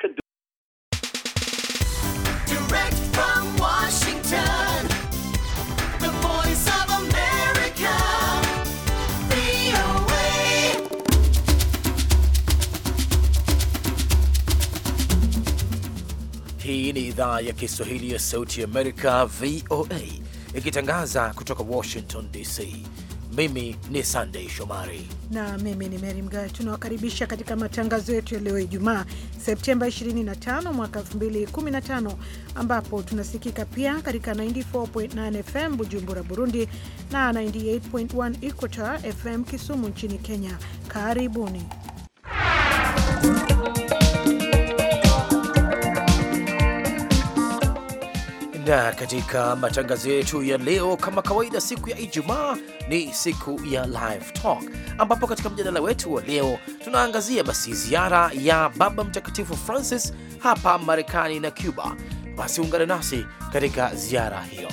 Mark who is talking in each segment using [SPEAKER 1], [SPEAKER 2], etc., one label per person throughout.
[SPEAKER 1] could do.
[SPEAKER 2] Direct from Washington, the voice of America, VOA. Hii ni idhaa ya Kiswahili ya Sauti ya Amerika, VOA, ikitangaza kutoka Washington DC. Mimi ni sandey Shomari
[SPEAKER 3] na mimi ni Meri Mgawe. Tunawakaribisha katika matangazo yetu ya leo Ijumaa, Septemba 25 mwaka 2015, ambapo tunasikika pia katika 94.9 FM Bujumbura, Burundi na 98.1 Equator FM Kisumu nchini Kenya. Karibuni
[SPEAKER 2] kawaida katika matangazo yetu ya leo, kama kawaida, siku ya Ijumaa ni siku ya live talk, ambapo katika mjadala wetu wa leo tunaangazia basi ziara ya Baba Mtakatifu Francis hapa Marekani na Cuba. Basi ungane nasi katika ziara hiyo.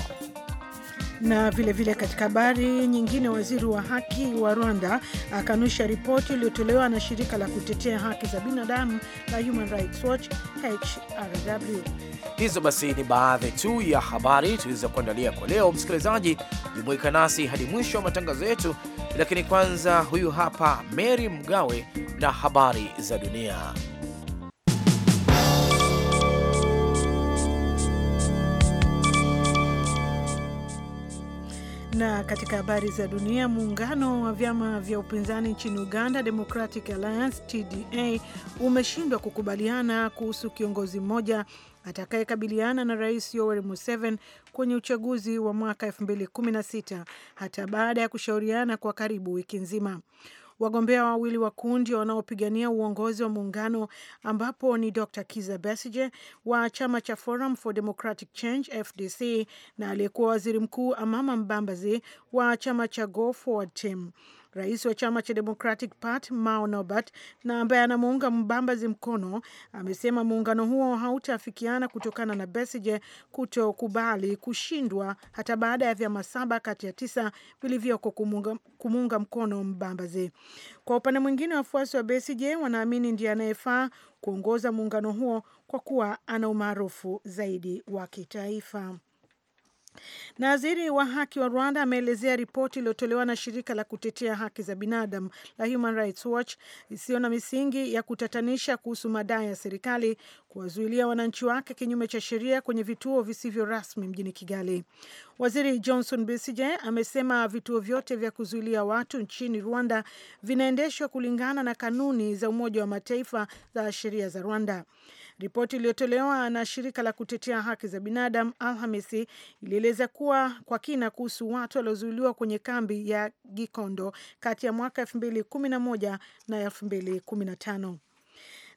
[SPEAKER 3] Na vilevile vile katika habari nyingine, waziri wa haki wa Rwanda akanusha ripoti iliyotolewa na shirika la kutetea haki za binadamu la Human Rights Watch HRW.
[SPEAKER 2] Hizo basi ni baadhi tu ya habari tuliweza kuandalia kwa leo. Msikilizaji, jumuika nasi hadi mwisho wa matangazo yetu, lakini kwanza, huyu hapa Mary Mgawe na habari za dunia.
[SPEAKER 3] Na katika habari za dunia, muungano wa vyama vya upinzani nchini Uganda, Democratic Alliance TDA, umeshindwa kukubaliana kuhusu kiongozi mmoja atakayekabiliana na Rais Yoweri Museveni kwenye uchaguzi wa mwaka 2016 hata baada ya kushauriana kwa karibu wiki nzima. Wagombea wawili wa kundi wanaopigania uongozi wa muungano ambapo ni Dr Kiza Besige wa chama cha Forum for Democratic Change FDC na aliyekuwa waziri mkuu Amama mbambazi wa chama cha Go Forward Team. Rais wa chama cha Democratic Party Mao Norbert na ambaye anamuunga Mbambazi mkono amesema muungano huo hautaafikiana kutokana na Besigye kutokubali kushindwa hata baada ya vyama saba kati ya tisa vilivyoko kumuunga, mkono Mbambazi. Kwa upande mwingine, wafuasi wa Besigye wanaamini ndiye anayefaa kuongoza muungano huo kwa kuwa ana umaarufu zaidi wa kitaifa. Na waziri wa haki wa Rwanda ameelezea ripoti iliyotolewa na shirika la kutetea haki za binadamu la Human Rights Watch isiyo na misingi ya kutatanisha kuhusu madai ya serikali kuwazuilia wananchi wake kinyume cha sheria kwenye vituo visivyo rasmi mjini Kigali. Waziri Johnson Besigye amesema vituo vyote vya kuzuilia watu nchini Rwanda vinaendeshwa kulingana na kanuni za Umoja wa Mataifa za sheria za Rwanda. Ripoti iliyotolewa na shirika la kutetea haki za binadamu Alhamisi ilieleza kuwa kwa kina kuhusu watu waliozuiliwa kwenye kambi ya Gikondo kati ya mwaka 2011 na 2015.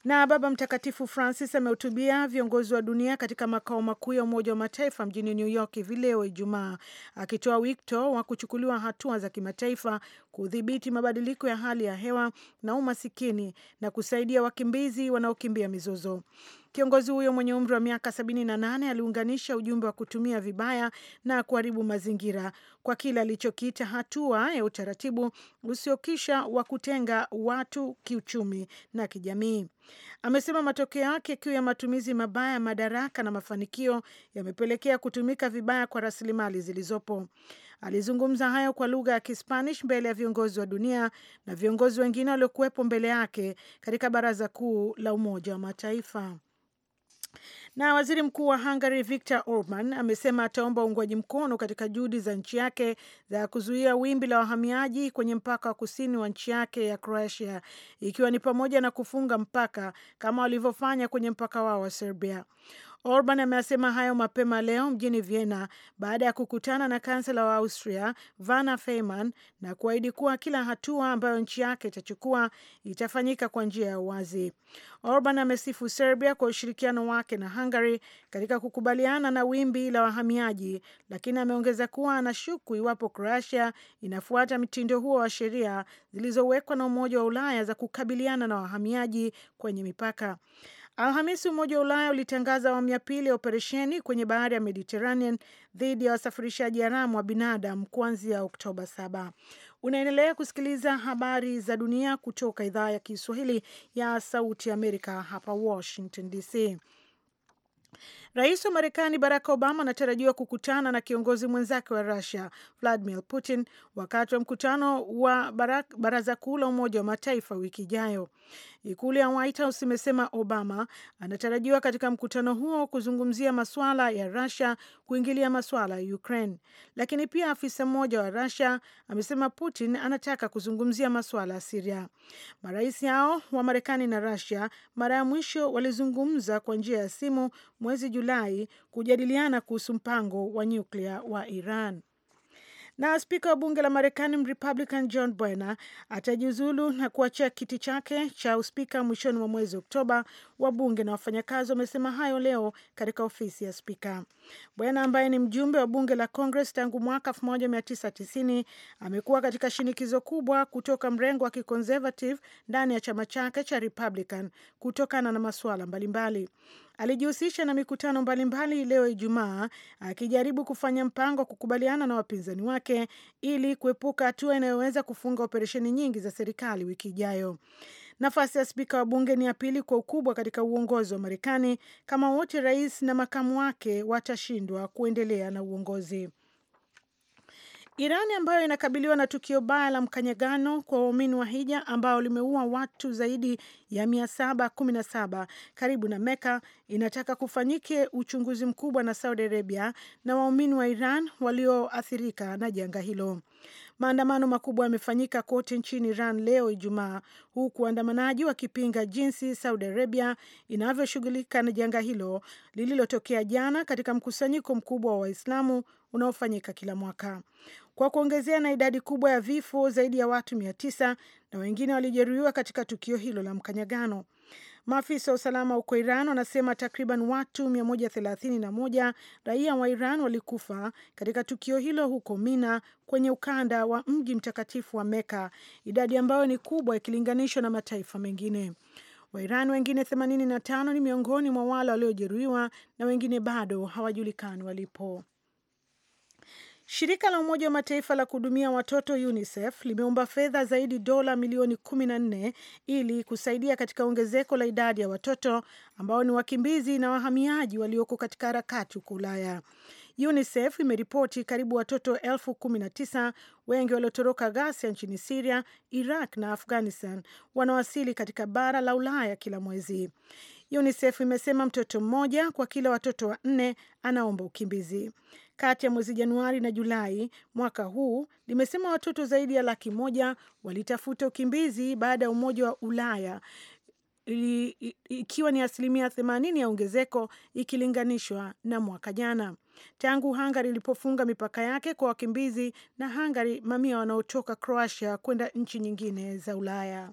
[SPEAKER 3] Na Baba Mtakatifu Francis amehutubia viongozi wa dunia katika makao makuu ya Umoja wa Mataifa mjini New York hivi leo Ijumaa, akitoa wito wa kuchukuliwa hatua za kimataifa kudhibiti mabadiliko ya hali ya hewa na umasikini na kusaidia wakimbizi wanaokimbia mizozo. Kiongozi huyo mwenye umri wa miaka 78 aliunganisha ujumbe wa kutumia vibaya na kuharibu mazingira kwa kile alichokiita hatua ya utaratibu usiokisha wa kutenga watu kiuchumi na kijamii. Amesema matokeo yake kiu ya matumizi mabaya ya madaraka na mafanikio yamepelekea kutumika vibaya kwa rasilimali zilizopo. Alizungumza hayo kwa lugha ya Kispanish mbele ya viongozi wa dunia na viongozi wengine waliokuwepo mbele yake katika Baraza Kuu la Umoja wa Mataifa. Na waziri mkuu wa Hungary Victor Orban amesema ataomba uungwaji mkono katika juhudi za nchi yake za kuzuia wimbi la wahamiaji kwenye mpaka wa kusini wa nchi yake ya Croatia, ikiwa ni pamoja na kufunga mpaka kama walivyofanya kwenye mpaka wao wa Serbia. Orban amesema hayo mapema leo mjini Vienna baada ya kukutana na kansela wa Austria Vana Faymann na kuahidi kuwa kila hatua ambayo nchi yake itachukua itafanyika kwa njia ya uwazi. Orban amesifu Serbia kwa ushirikiano wake na Hungary katika kukubaliana na wimbi la wahamiaji, lakini ameongeza kuwa anashuku iwapo Croatia inafuata mtindo huo wa sheria zilizowekwa na Umoja wa Ulaya za kukabiliana na wahamiaji kwenye mipaka. Alhamisi Umoja wa Ulaya ulitangaza awamu ya pili ya operesheni kwenye bahari ya Mediterranean dhidi ya wasafirishaji haramu wa binadamu kuanzia Oktoba 7. Unaendelea kusikiliza habari za dunia kutoka idhaa ya Kiswahili ya Sauti Amerika hapa Washington DC. Rais wa Marekani Barack Obama anatarajiwa kukutana na kiongozi mwenzake wa Rusia Vladimir Putin wakati wa mkutano wa barak, Baraza Kuu la Umoja wa Mataifa wiki ijayo. Ikulu ya White House imesema Obama anatarajiwa katika mkutano huo kuzungumzia masuala ya Rusia kuingilia masuala ya Ukraine, lakini pia afisa mmoja wa Rusia amesema Putin anataka kuzungumzia masuala ya Siria. Marais hao wa Marekani na Rusia mara ya mwisho walizungumza kwa njia ya simu mwezi Julai kujadiliana kuhusu mpango wa nyuklia wa Iran. Na spika wa bunge la Marekani Mrepublican John Bwana atajiuzulu na kuachia kiti chake cha uspika mwishoni mwa mwezi Oktoba. Wabunge na wafanyakazi wamesema hayo leo katika ofisi ya spika. bwena ambaye ni mjumbe wa bunge la Congress tangu mwaka 1990 amekuwa katika shinikizo kubwa kutoka mrengo wa kiconservative ndani ya chama chake cha Republican kutokana na masuala mbalimbali alijihusisha na mikutano mbalimbali leo Ijumaa, akijaribu kufanya mpango wa kukubaliana na wapinzani wake ili kuepuka hatua inayoweza kufunga operesheni nyingi za serikali wiki ijayo. Nafasi ya spika wa bunge ni ya pili kwa ukubwa katika uongozi wa Marekani kama wote rais na makamu wake watashindwa kuendelea na uongozi. Irani ambayo inakabiliwa na tukio baya la mkanyagano kwa waumini wa hija ambao limeua watu zaidi ya 717 karibu na Meka inataka kufanyike uchunguzi mkubwa na Saudi Arabia na waumini wa Iran walioathirika na janga hilo. Maandamano makubwa yamefanyika kote nchini Iran leo Ijumaa, huku waandamanaji wakipinga jinsi Saudi Arabia inavyoshughulika na janga hilo lililotokea jana katika mkusanyiko mkubwa wa Waislamu unaofanyika kila mwaka kwa kuongezea na idadi kubwa ya vifo zaidi ya watu mia tisa na wengine walijeruhiwa katika tukio hilo la mkanyagano. Maafisa wa usalama huko Iran wanasema takriban watu 131 raia wa Iran walikufa katika tukio hilo huko Mina kwenye ukanda wa mji mtakatifu wa Meka, idadi ambayo ni kubwa ikilinganishwa na mataifa mengine. wairan wengine 85 ni miongoni mwa wale waliojeruhiwa na wengine bado hawajulikani walipo. Shirika la Umoja wa Mataifa la kuhudumia watoto UNICEF limeomba fedha zaidi dola milioni 14 ili kusaidia katika ongezeko la idadi ya watoto ambao ni wakimbizi na wahamiaji walioko katika harakati huko Ulaya. UNICEF imeripoti karibu watoto elfu kumi na tisa wengi waliotoroka ghasia nchini Siria, Iraq na Afghanistan wanawasili katika bara la Ulaya kila mwezi. UNICEF imesema mtoto mmoja kwa kila watoto wanne anaomba ukimbizi. Kati ya mwezi Januari na Julai mwaka huu, limesema watoto zaidi ya laki moja walitafuta ukimbizi baada ya Umoja wa Ulaya ikiwa ni asilimia 80 ya ongezeko ikilinganishwa na mwaka jana. Tangu Hungary ilipofunga mipaka yake kwa wakimbizi na Hungary, mamia wanaotoka Croatia kwenda nchi nyingine za Ulaya.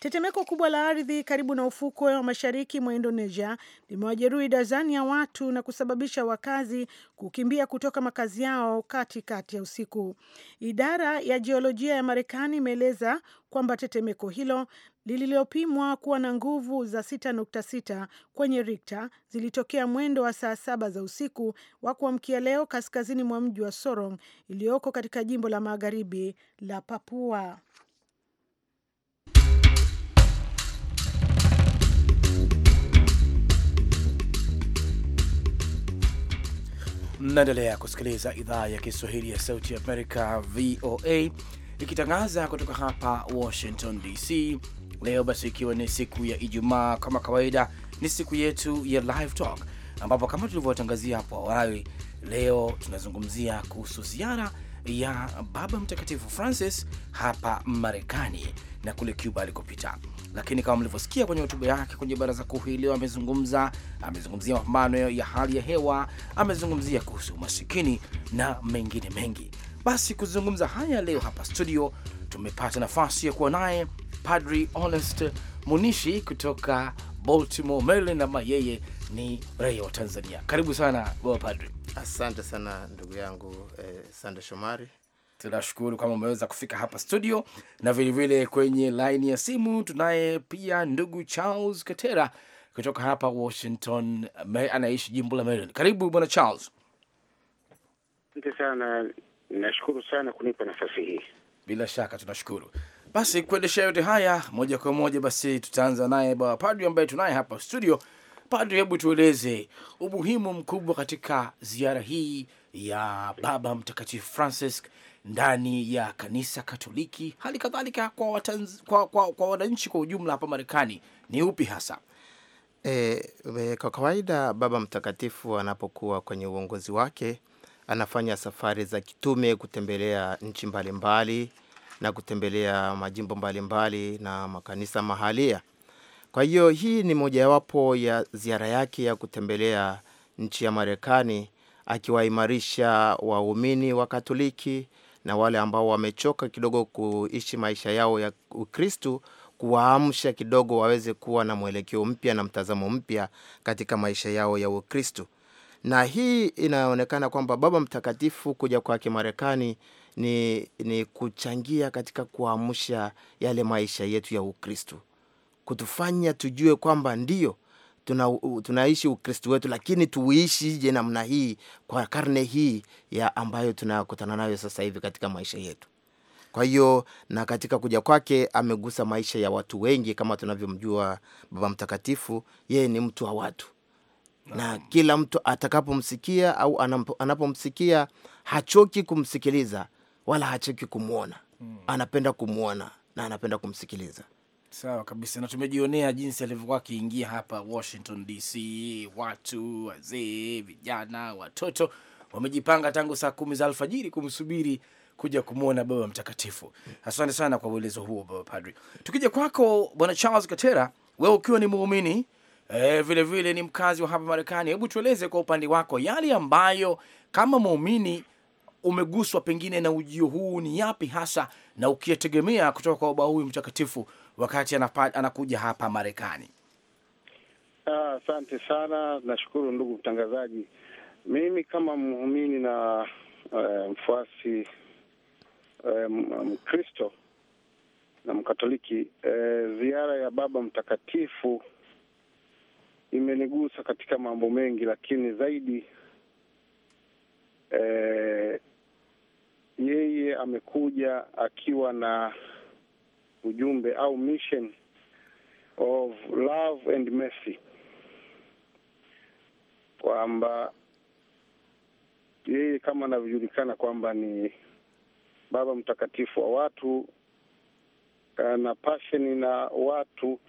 [SPEAKER 3] Tetemeko kubwa la ardhi karibu na ufukwe wa mashariki mwa Indonesia limewajeruhi dazani ya watu na kusababisha wakazi kukimbia kutoka makazi yao katikati kati ya usiku. Idara ya jiolojia ya Marekani imeeleza kwamba tetemeko hilo lililopimwa kuwa na nguvu za 6.6 kwenye rikta zilitokea mwendo wa saa saba za usiku wa kuamkia leo kaskazini mwa mji wa Sorong iliyoko katika jimbo la magharibi la Papua.
[SPEAKER 2] Mnaendelea kusikiliza idhaa ya Kiswahili ya Sauti ya Amerika, VOA, ikitangaza kutoka hapa Washington DC. Leo basi, ikiwa ni siku ya Ijumaa, kama kawaida, ni siku yetu ya Live Talk, ambapo kama tulivyowatangazia hapo awali, leo tunazungumzia kuhusu ziara ya Baba Mtakatifu Francis hapa Marekani na kule Cuba alikopita lakini kama mlivyosikia kwenye hotuba yake kwenye baraza kuu hii leo, amezungumza amezungumzia mapambano ya hali ya hewa, amezungumzia kuhusu umasikini na mengine mengi. Basi kuzungumza haya leo hapa studio tumepata nafasi ya kuwa naye Padri Honest Munishi kutoka Baltimore, Maryland, ambaye yeye ni raia wa Tanzania. Karibu sana
[SPEAKER 4] baba padri. Asante sana ndugu yangu eh, Sande Shomari tunashukuru kama umeweza kufika hapa
[SPEAKER 2] studio, na vilevile kwenye laini ya simu tunaye pia ndugu Charles Katera kutoka hapa Washington, anaishi jimbo la Maryland. Karibu bwana Charles.
[SPEAKER 1] Asante sana, nashukuru sana kunipa nafasi hii.
[SPEAKER 2] Bila shaka tunashukuru. Basi kuendesha yote haya moja kwa moja, basi tutaanza naye bwana Padri ambaye tunaye hapa studio. Padri, hebu tueleze umuhimu mkubwa katika ziara hii ya Baba Mtakatifu Francis ndani ya kanisa Katoliki, hali kadhalika kwa, kwa, kwa, kwa wananchi kwa ujumla hapa Marekani ni upi hasa?
[SPEAKER 4] E, e, kwa kawaida Baba Mtakatifu anapokuwa kwenye uongozi wake anafanya safari za kitume kutembelea nchi mbalimbali na kutembelea majimbo mbalimbali mbali na makanisa mahalia. Kwa hiyo hii ni mojawapo ya ziara yake ya kutembelea nchi ya Marekani, akiwaimarisha waumini wa Katoliki na wale ambao wamechoka kidogo kuishi maisha yao ya Ukristu kuwaamsha kidogo waweze kuwa na mwelekeo mpya na mtazamo mpya katika maisha yao ya Ukristu. Na hii inaonekana kwamba Baba Mtakatifu kuja kwake Marekani ni, ni kuchangia katika kuamsha yale maisha yetu ya Ukristu, kutufanya tujue kwamba ndiyo tuna, tunaishi Ukristo wetu, lakini tuishije namna hii kwa karne hii ya ambayo tunakutana nayo sasa hivi katika maisha yetu. Kwa hiyo na katika kuja kwake amegusa maisha ya watu wengi. Kama tunavyomjua Baba Mtakatifu, yeye ni mtu wa watu na kila mtu atakapomsikia au anapomsikia hachoki kumsikiliza wala hachoki kumwona, hmm. anapenda kumwona na anapenda kumsikiliza.
[SPEAKER 2] Sawa kabisa, na tumejionea jinsi alivyokuwa akiingia hapa Washington DC. Watu wazee, vijana, watoto wamejipanga tangu saa kumi za alfajiri kumsubiri kuja kumwona Baba Mtakatifu. Asante sana kwa uelezo huo, Baba Padri. Tukija kwako Bwana Charles Katera, wewe ukiwa ni muumini vilevile eh, vile ni mkazi wa hapa Marekani, hebu tueleze kwa upande wako yale ambayo kama muumini umeguswa pengine na ujio huu, ni yapi hasa na ukiyategemea kutoka kwa baba huyu mtakatifu wakati anakuja hapa Marekani?
[SPEAKER 1] Ah, asante ah, sana. Nashukuru ndugu mtangazaji. Mimi kama muumini na uh, mfuasi eh, Mkristo na Mkatoliki eh, ziara ya Baba Mtakatifu imenigusa katika mambo mengi, lakini zaidi eh, yeye amekuja akiwa na ujumbe au mission of love and mercy, kwamba yeye kama anavyojulikana kwamba ni baba mtakatifu wa watu na pasheni na watu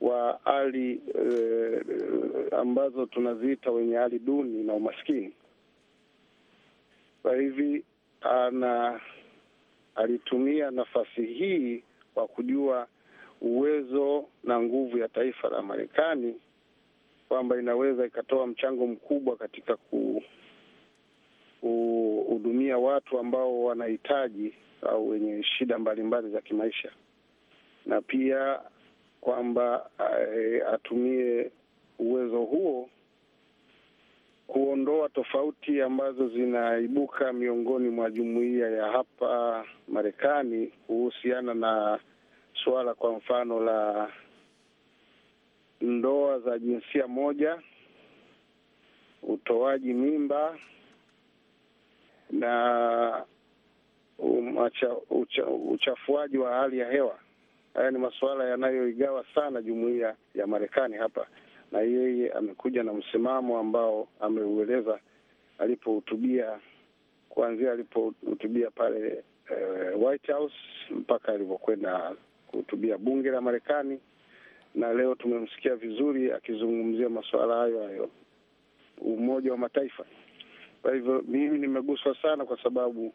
[SPEAKER 1] wa hali eh, ambazo tunaziita wenye hali duni na umaskini. Kwa hivi ana alitumia nafasi hii wa kujua uwezo na nguvu ya taifa la Marekani, kwamba inaweza ikatoa mchango mkubwa katika kuhudumia watu ambao wanahitaji au wenye shida mbalimbali za kimaisha, na pia kwamba eh, atumie uwezo huo kuondoa tofauti ambazo zinaibuka miongoni mwa jumuiya ya hapa Marekani kuhusiana na suala kwa mfano la ndoa za jinsia moja, utoaji mimba na umacha, ucha, uchafuaji wa hali ya hewa. Haya ni masuala yanayoigawa sana jumuiya ya Marekani hapa na yeye amekuja na msimamo ambao ameueleza alipohutubia, kuanzia alipohutubia pale eh, White House mpaka alivyokwenda kuhutubia bunge la Marekani, na leo tumemsikia vizuri akizungumzia masuala hayo hayo Umoja wa Mataifa. Kwa hivyo mimi nimeguswa sana, kwa sababu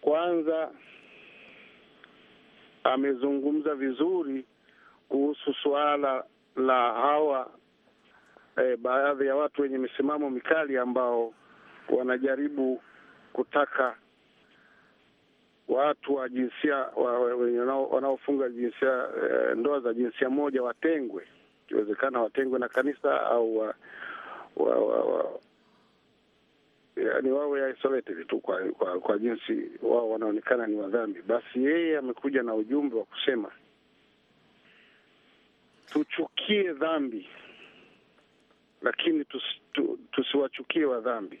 [SPEAKER 1] kwanza amezungumza vizuri kuhusu suala la hawa eh, baadhi ya watu wenye misimamo mikali ambao wanajaribu kutaka watu wa jinsia wanaofunga jinsia eh, ndoa za jinsia moja watengwe, ikiwezekana watengwe na kanisa au wa, wa, wa, wa, yani wawe isolated tu kwa, kwa, kwa jinsi wao wanaonekana ni wadhambi. Basi yeye amekuja na ujumbe wa kusema tuchukie dhambi lakini tusiwachukie tu, tusiwachukie wa dhambi.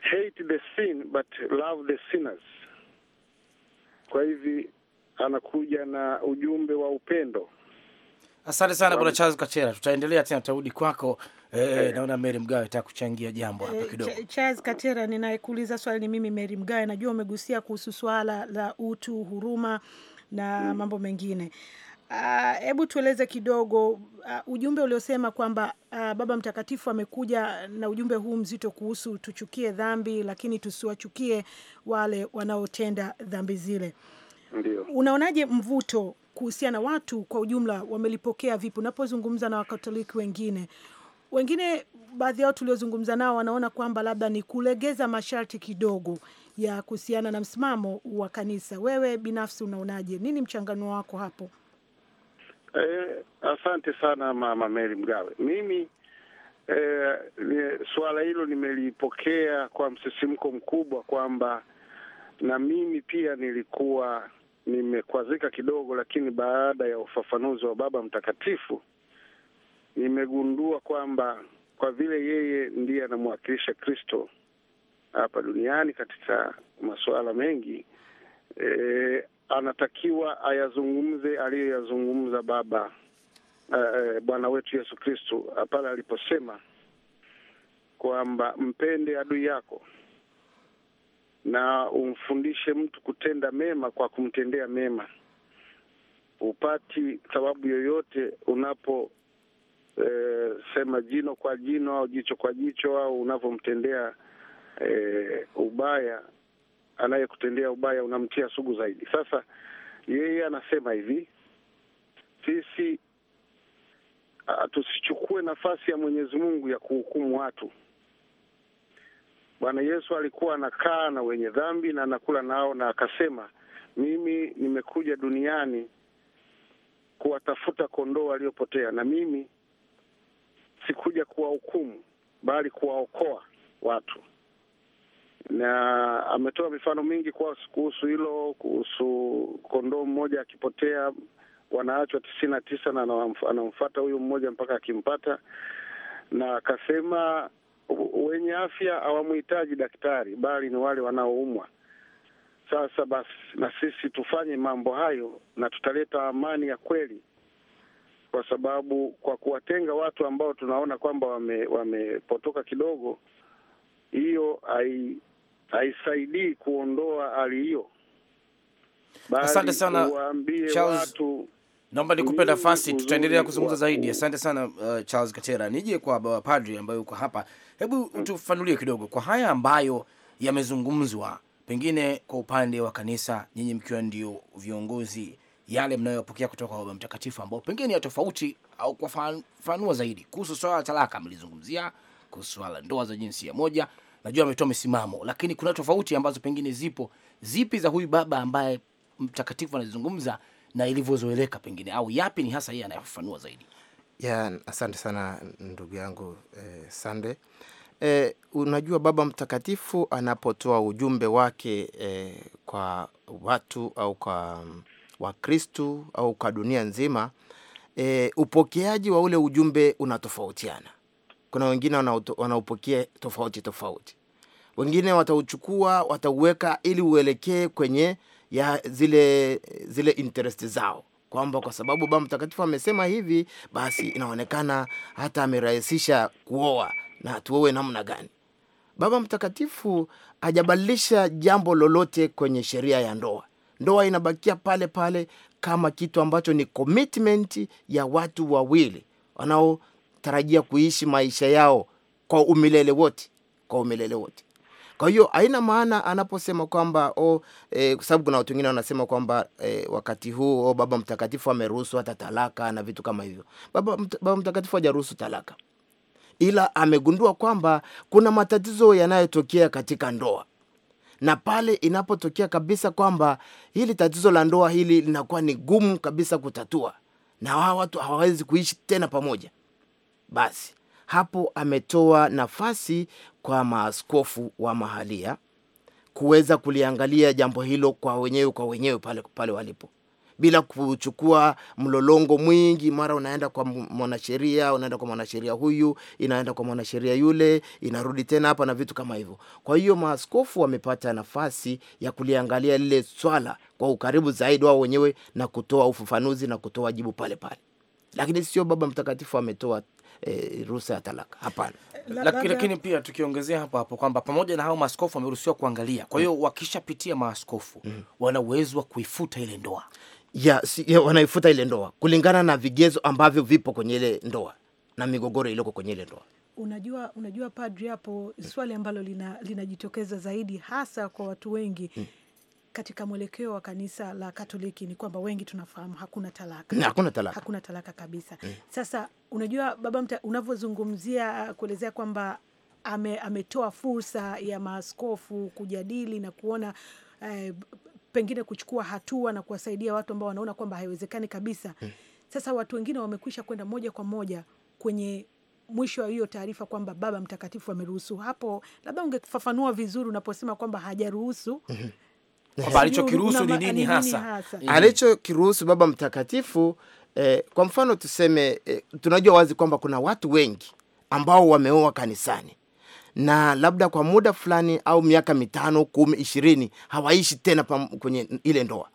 [SPEAKER 1] Hate the sin but love the sinners. Kwa hivi anakuja na ujumbe wa upendo.
[SPEAKER 2] Asante sana Bwana Charles Kachera, tutaendelea tena, tutarudi kwako. E, naona Mary Mgawe ta kuchangia jambo hapa eh, kidogo.
[SPEAKER 3] Charles Katera, ninayekuuliza swali ni mimi Mary Mgawe. Najua umegusia kuhusu swala la utu, huruma na hmm. mambo mengine. Ah, hebu uh, tueleze kidogo uh, ujumbe uliosema kwamba uh, Baba Mtakatifu amekuja na ujumbe huu mzito kuhusu tuchukie dhambi, lakini tusiwachukie wale wanaotenda dhambi zile. Ndiyo. Unaonaje mvuto kuhusiana watu kwa ujumla wamelipokea vipi? Unapozungumza na Wakatoliki wengine wengine, baadhi yao tuliozungumza nao wanaona kwamba labda ni kulegeza masharti kidogo ya kuhusiana na msimamo wa kanisa. Wewe binafsi unaonaje? Nini mchanganuo wako hapo?
[SPEAKER 1] Eh, asante sana mama Mary Mgawe. Mimi eh, suala hilo nimelipokea kwa msisimko mkubwa kwamba na mimi pia nilikuwa nimekwazika kidogo, lakini baada ya ufafanuzi wa Baba Mtakatifu nimegundua kwamba kwa vile yeye ndiye anamwakilisha Kristo hapa duniani katika masuala mengi e, anatakiwa ayazungumze aliyoyazungumza Baba uh, Bwana wetu Yesu Kristu pale aliposema kwamba mpende adui yako na umfundishe mtu kutenda mema kwa kumtendea mema. Upati thawabu yoyote unapo e, sema jino kwa jino au jicho kwa jicho au unavyomtendea e, ubaya anayekutendea ubaya unamtia sugu zaidi. Sasa yeye anasema hivi, sisi tusichukue nafasi ya Mwenyezi Mungu ya kuhukumu watu. Bwana Yesu alikuwa anakaa na wenye dhambi na anakula nao, na akasema, mimi nimekuja duniani kuwatafuta kondoo waliopotea, na mimi sikuja kuwahukumu, bali kuwaokoa watu na ametoa mifano mingi kwa kuhusu hilo, kuhusu kondoo mmoja akipotea wanaachwa tisini na tisa na anamfata huyu mmoja mpaka akimpata, na akasema wenye afya hawamhitaji daktari, bali ni wale wanaoumwa. Sasa basi, na sisi tufanye mambo hayo na tutaleta amani ya kweli, kwa sababu kwa kuwatenga watu ambao tunaona kwamba wamepotoka wame kidogo, hiyo haisaidii kuondoa hali hiyo.
[SPEAKER 2] Asante sana Charles, naomba nikupe nafasi, tutaendelea kuzungumza zaidi. Asante sana uh, Charles Katera. Nije kwa baba padri ambaye uko hapa, hebu hmm, tufanulie kidogo kwa haya ambayo yamezungumzwa, pengine kwa upande wa kanisa, nyinyi mkiwa ndio viongozi, yale mnayopokea kutoka kwa baba mtakatifu ambao pengine ni ya tofauti, au kufafanua zaidi kuhusu swala la talaka mlizungumzia, kuhusu swala ndoa za jinsia moja najua ametoa misimamo, lakini kuna tofauti ambazo pengine zipo zipi za huyu baba ambaye mtakatifu anazungumza
[SPEAKER 4] na ilivyozoeleka pengine,
[SPEAKER 2] au yapi ni hasa yeye anayofafanua zaidi?
[SPEAKER 4] Yeah, asante sana ndugu yangu eh, Sande. Eh, unajua Baba Mtakatifu anapotoa ujumbe wake eh, kwa watu au kwa Wakristu au kwa dunia nzima eh, upokeaji wa ule ujumbe unatofautiana kuna wengine wanaopokea tofauti tofauti. Wengine watauchukua watauweka ili uelekee kwenye ya zile zile interest zao, kwamba kwa sababu Baba Mtakatifu amesema hivi, basi inaonekana hata amerahisisha kuoa na tuowe namna gani. Baba Mtakatifu hajabadilisha jambo lolote kwenye sheria ya ndoa. Ndoa inabakia pale pale kama kitu ambacho ni commitment ya watu wawili wanao wanatarajia kuishi maisha yao kwa umilele wote, kwa umilele wote. Kwa hiyo haina maana anaposema kwamba oh, eh, kwa sababu kuna watu wengine wanasema kwamba eh, wakati huu oh, Baba Mtakatifu ameruhusu hata talaka na vitu kama hivyo. Baba, mt, Baba Mtakatifu hajaruhusu talaka, ila amegundua kwamba kuna matatizo yanayotokea katika ndoa na pale inapotokea kabisa kwamba hili tatizo la ndoa hili linakuwa ni gumu kabisa kutatua, na hawa watu hawawezi kuishi tena pamoja, basi hapo ametoa nafasi kwa maaskofu wa mahalia kuweza kuliangalia jambo hilo kwa wenyewe kwa wenyewe pale, pale walipo bila kuchukua mlolongo mwingi, mara unaenda kwa mwanasheria, unaenda kwa mwanasheria huyu, inaenda kwa mwanasheria yule, inarudi tena hapa na vitu kama hivyo. Kwa hiyo maaskofu wamepata nafasi ya kuliangalia lile swala kwa ukaribu zaidi wao wenyewe na kutoa ufafanuzi na kutoa jibu pale pale lakini sio Baba Mtakatifu ametoa E, ruhusa ya talaka hapana.
[SPEAKER 2] Lakini
[SPEAKER 4] pia tukiongezea hapo hapo kwamba pamoja na hao maaskofu wameruhusiwa kuangalia, kwa hiyo wakishapitia maaskofu mm, wana uwezo wa kuifuta ile ndoa ya, si, ya, wanaifuta ile ndoa kulingana na vigezo ambavyo vipo kwenye ile ndoa na migogoro iliyoko kwenye ile ndoa.
[SPEAKER 3] Unajua, unajua padri, hapo swali ambalo linajitokeza lina zaidi hasa kwa watu wengi mm katika mwelekeo wa kanisa la Katoliki ni kwamba wengi tunafahamu hakuna talaka, hakuna talaka, hakuna talaka kabisa mm. Sasa unajua baba, unavyozungumzia uh, kuelezea kwamba ame, ametoa fursa ya maaskofu kujadili na kuona eh, pengine kuchukua hatua na kuwasaidia watu ambao wanaona kwamba haiwezekani kabisa mm. Sasa watu wengine wamekwisha kwenda moja kwa moja kwenye mwisho wa hiyo taarifa kwamba Baba Mtakatifu ameruhusu. Hapo labda ungefafanua vizuri unaposema kwamba hajaruhusu, mm-hmm kwamba alichokiruhusu ni nini hasa, mm. alichokiruhusu
[SPEAKER 4] Baba Mtakatifu. Eh, kwa mfano tuseme, eh, tunajua wazi kwamba kuna watu wengi ambao wameoa kanisani na labda kwa muda fulani au miaka mitano kumi ishirini hawaishi tena kwenye ile ndoa.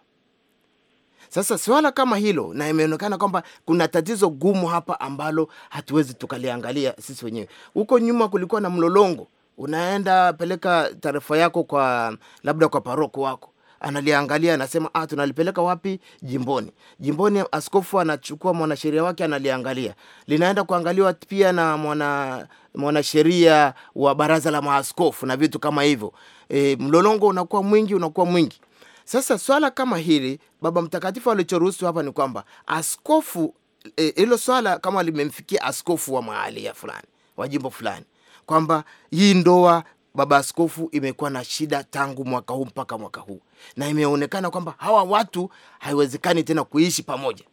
[SPEAKER 4] Sasa swala kama hilo, na imeonekana kwamba kuna tatizo gumu hapa ambalo hatuwezi tukaliangalia sisi wenyewe. Huko nyuma kulikuwa na mlolongo unaenda peleka taarifa yako kwa labda kwa paroko wako analiangalia anasema, ah, tunalipeleka wapi? Jimboni. Jimboni, askofu anachukua mwanasheria wake analiangalia, linaenda kuangaliwa pia na mwana mwanasheria wa baraza la maaskofu na vitu kama hivyo. E, mlolongo unakuwa mwingi, unakuwa mwingi. Sasa swala kama hili Baba Mtakatifu alichoruhusu hapa ni kwamba askofu e, hilo e, swala kama limemfikia askofu wa mahali ya fulani wa jimbo fulani kwamba hii ndoa baba askofu imekuwa na shida tangu mwaka huu mpaka mwaka huu, na imeonekana kwamba hawa watu haiwezekani tena kuishi pamoja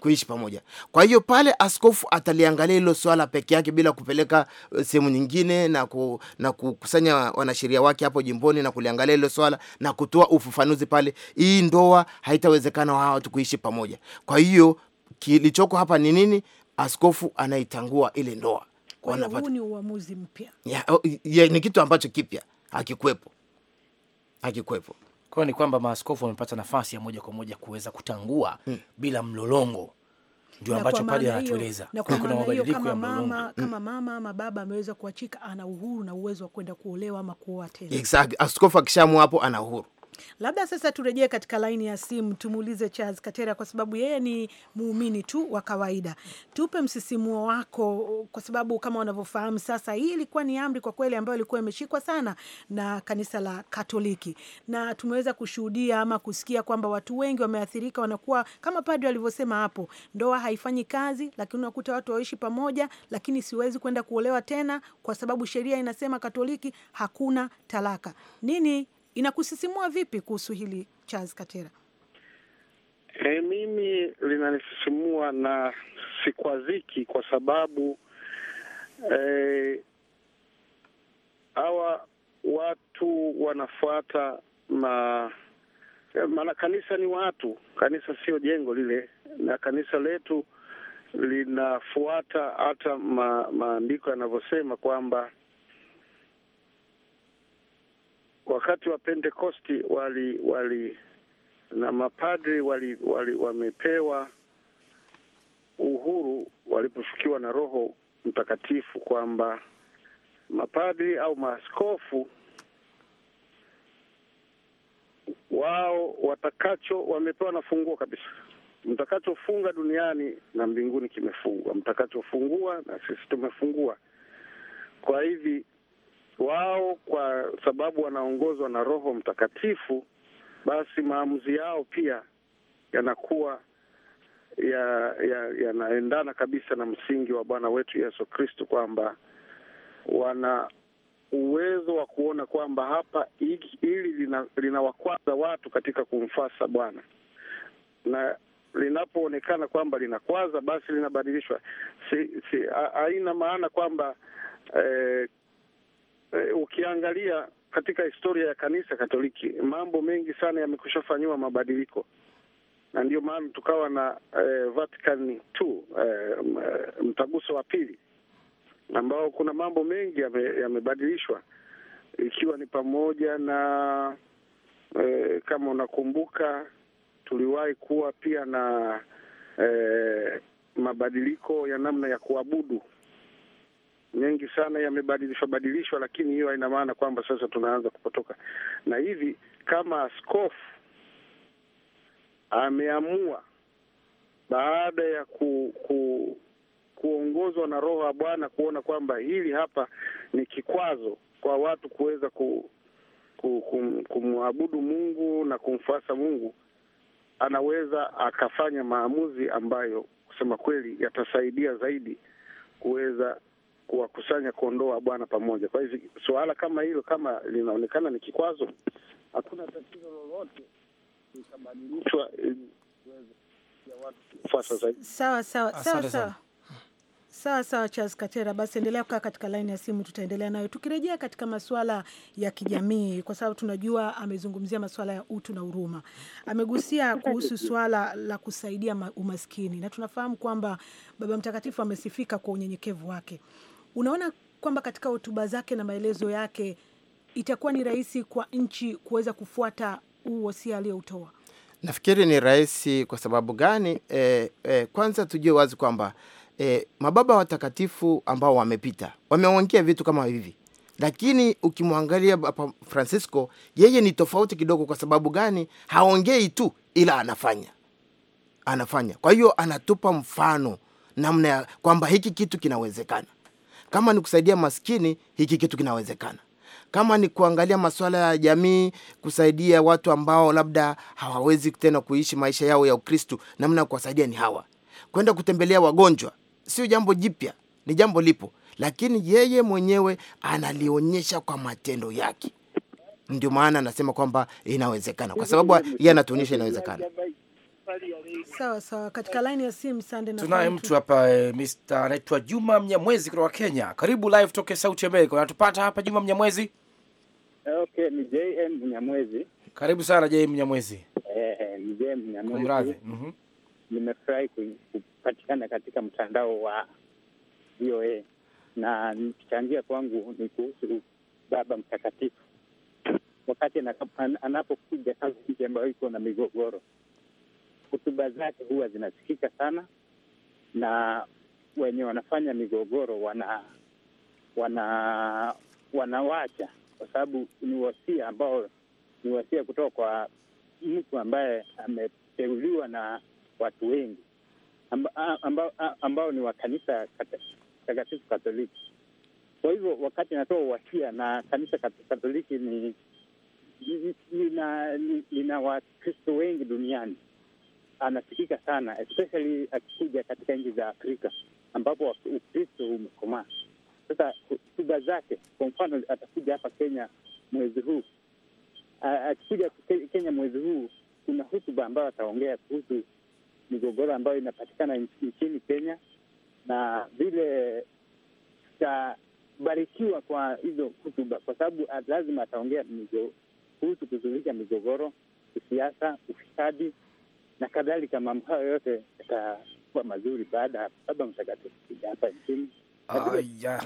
[SPEAKER 4] kuishi pamoja. Kwa hiyo pale askofu ataliangalia hilo swala peke yake bila kupeleka eh, sehemu nyingine na, ku, na kukusanya wanasheria wake hapo jimboni na kuliangalia hilo swala na kutoa ufafanuzi pale. Hii ndoa haitawezekana hawa watu kuishi pamoja. Kwa hiyo kilichoko hapa ni nini? Askofu anaitangua ile ndoa
[SPEAKER 3] huu ni uamuzi mpya
[SPEAKER 4] yeah, oh, yeah, ni kitu ambacho kipya akikwepo
[SPEAKER 2] akikwepo kwa ni kwamba maaskofu wamepata nafasi ya moja kwa moja kuweza kutangua hmm. bila mlolongo ndio ambacho pale anatueleza kuna mabadiliko ya kama mama hmm.
[SPEAKER 3] kama mama ama baba ameweza kuachika, ana uhuru na uwezo wa kwenda kuolewa ama kuoa tena. Exactly,
[SPEAKER 4] askofu akishamua hapo ana uhuru
[SPEAKER 3] Labda sasa turejee katika laini ya simu, tumuulize Charles Katera kwa sababu yeye ni muumini tu wa kawaida. Tupe msisimuo wako, kwa sababu kama wanavyofahamu sasa, hii ilikuwa ni amri kwa kweli ambayo ilikuwa imeshikwa sana na kanisa la Katoliki, na tumeweza kushuhudia ama kusikia kwamba watu wengi wameathirika, wanakuwa kama padri alivyosema hapo, ndoa haifanyi kazi, lakini unakuta watu waishi pamoja, lakini siwezi kwenda kuolewa tena kwa sababu sheria inasema Katoliki hakuna talaka. Nini inakusisimua vipi kuhusu hili Charles Katera?
[SPEAKER 1] E, mimi linanisisimua na sikwaziki kwa sababu e, hawa e, watu wanafuata ma e, maana kanisa ni watu, kanisa sio jengo lile, na kanisa letu linafuata hata maandiko yanavyosema kwamba wakati wa Pentekosti wali wali na mapadri wali, wali wamepewa uhuru waliposhukiwa na Roho Mtakatifu kwamba mapadri au maaskofu wao watakacho wamepewa na funguo kabisa. Mtakachofunga duniani na mbinguni kimefungwa, mtakachofungua na sisi tumefungua. Kwa hivi wao kwa sababu wanaongozwa na Roho Mtakatifu, basi maamuzi yao pia yanakuwa yanaendana ya, ya kabisa na msingi wa Bwana wetu Yesu Kristo, kwamba wana uwezo wa kuona kwamba hapa hili linawakwaza lina watu katika kumfasa Bwana, na linapoonekana kwamba linakwaza, basi linabadilishwa. Si, si haina maana kwamba eh, eh, ukiangalia katika historia ya kanisa Katoliki mambo mengi sana yamekushafanyiwa mabadiliko na ndio maana tukawa na eh, Vatican II eh, eh, mtaguso wa pili ambao kuna mambo mengi yamebadilishwa yame ikiwa ni pamoja na eh, kama unakumbuka tuliwahi kuwa pia na eh, mabadiliko ya namna ya kuabudu mengi sana yamebadilishwa badilishwa, lakini hiyo haina maana kwamba sasa tunaanza kupotoka. Na hivi kama askofu ameamua baada ya ku, ku, kuongozwa na Roho ya Bwana kuona kwamba hili hapa ni kikwazo kwa watu kuweza ku, ku, kum, kumwabudu Mungu na kumfuasa Mungu, anaweza akafanya maamuzi ambayo kusema kweli yatasaidia zaidi kuweza kuwakusanya kuondoa Bwana pamoja. Kwa hivyo suala kama hilo kama linaonekana ni
[SPEAKER 5] kikwazo, hakuna tatizo lolote litabadilishwa
[SPEAKER 3] sawa sawa sawa sawa sawa sawa. Charles Katera, basi endelea kukaa katika laini ya simu, tutaendelea nayo tukirejea katika masuala ya kijamii, kwa sababu tunajua amezungumzia masuala ya utu na huruma. Amegusia kuhusu swala la kusaidia umaskini, na tunafahamu kwamba Baba Mtakatifu amesifika kwa unyenyekevu wake. Unaona kwamba katika hotuba zake na maelezo yake itakuwa ni rahisi kwa nchi kuweza kufuata huu wasia aliyoutoa?
[SPEAKER 4] Nafikiri ni rahisi. Kwa sababu gani? E, e, kwanza tujue wazi kwamba e, mababa watakatifu ambao wamepita wameongea vitu kama hivi, lakini ukimwangalia Papa Francisco yeye ni tofauti kidogo. Kwa sababu gani? Haongei tu, ila anafanya anafanya. Kwa hiyo anatupa mfano namna ya kwamba hiki kitu kinawezekana. Kama ni kusaidia maskini, hiki kitu kinawezekana. Kama ni kuangalia masuala ya jamii, kusaidia watu ambao labda hawawezi tena kuishi maisha yao ya Ukristu, namna ya kuwasaidia ni hawa. Kwenda kutembelea wagonjwa sio jambo jipya, ni jambo lipo, lakini yeye mwenyewe analionyesha kwa matendo yake. Ndio maana anasema kwamba inawezekana, kwa sababu yeye anatuonyesha inawezekana.
[SPEAKER 3] Sawa sawa. Katika laini ya simu tunaye mtu
[SPEAKER 4] hapa eh, Mr. anaitwa Juma Mnyamwezi
[SPEAKER 2] kutoka Kenya. Karibu live toke Sauti America. Unatupata hapa Juma Mnyamwezi?
[SPEAKER 3] Eh, okay, ni
[SPEAKER 5] JM Mnyamwezi.
[SPEAKER 2] Karibu sana JM Mnyamwezi.
[SPEAKER 5] Eh, eh, ni JM Mnyamwezi. Kumradhi. Mhm. Nimefurahi kupatikana katika mtandao wa VOA na nikichangia kwangu ni kuhusu Baba Mtakatifu wakati anapokuja kazi ambayo iko na migogoro hotuba zake huwa zinasikika sana, na wenye wanafanya migogoro wana wana wanawacha kwa sababu ni wasia ambao ni wasia kutoka kwa mtu ambaye ameteuliwa na watu wengi ambao amba, amba ni wa kanisa takatifu Katoliki. Kwa hivyo wakati anatoa wasia na kanisa Katoliki ni lina Wakristo wengi duniani, anasikika sana especially akikuja katika nchi za Afrika ambapo Ukristo umekomaa. Sasa hotuba zake, kwa mfano, atakuja hapa Kenya mwezi huu. Akikuja Kenya mwezi huu, kuna hotuba ambayo ataongea kuhusu migogoro ambayo inapatikana nchini Kenya na vile tutabarikiwa kwa hizo hotuba, kwa sababu lazima ataongea kuhusu kuzulisha migogoro, kisiasa, ufisadi na kadhalika. Mambo hayo yote yatakuwa mazuri baada ya Baba Mtakatifu kuja hapa nchini.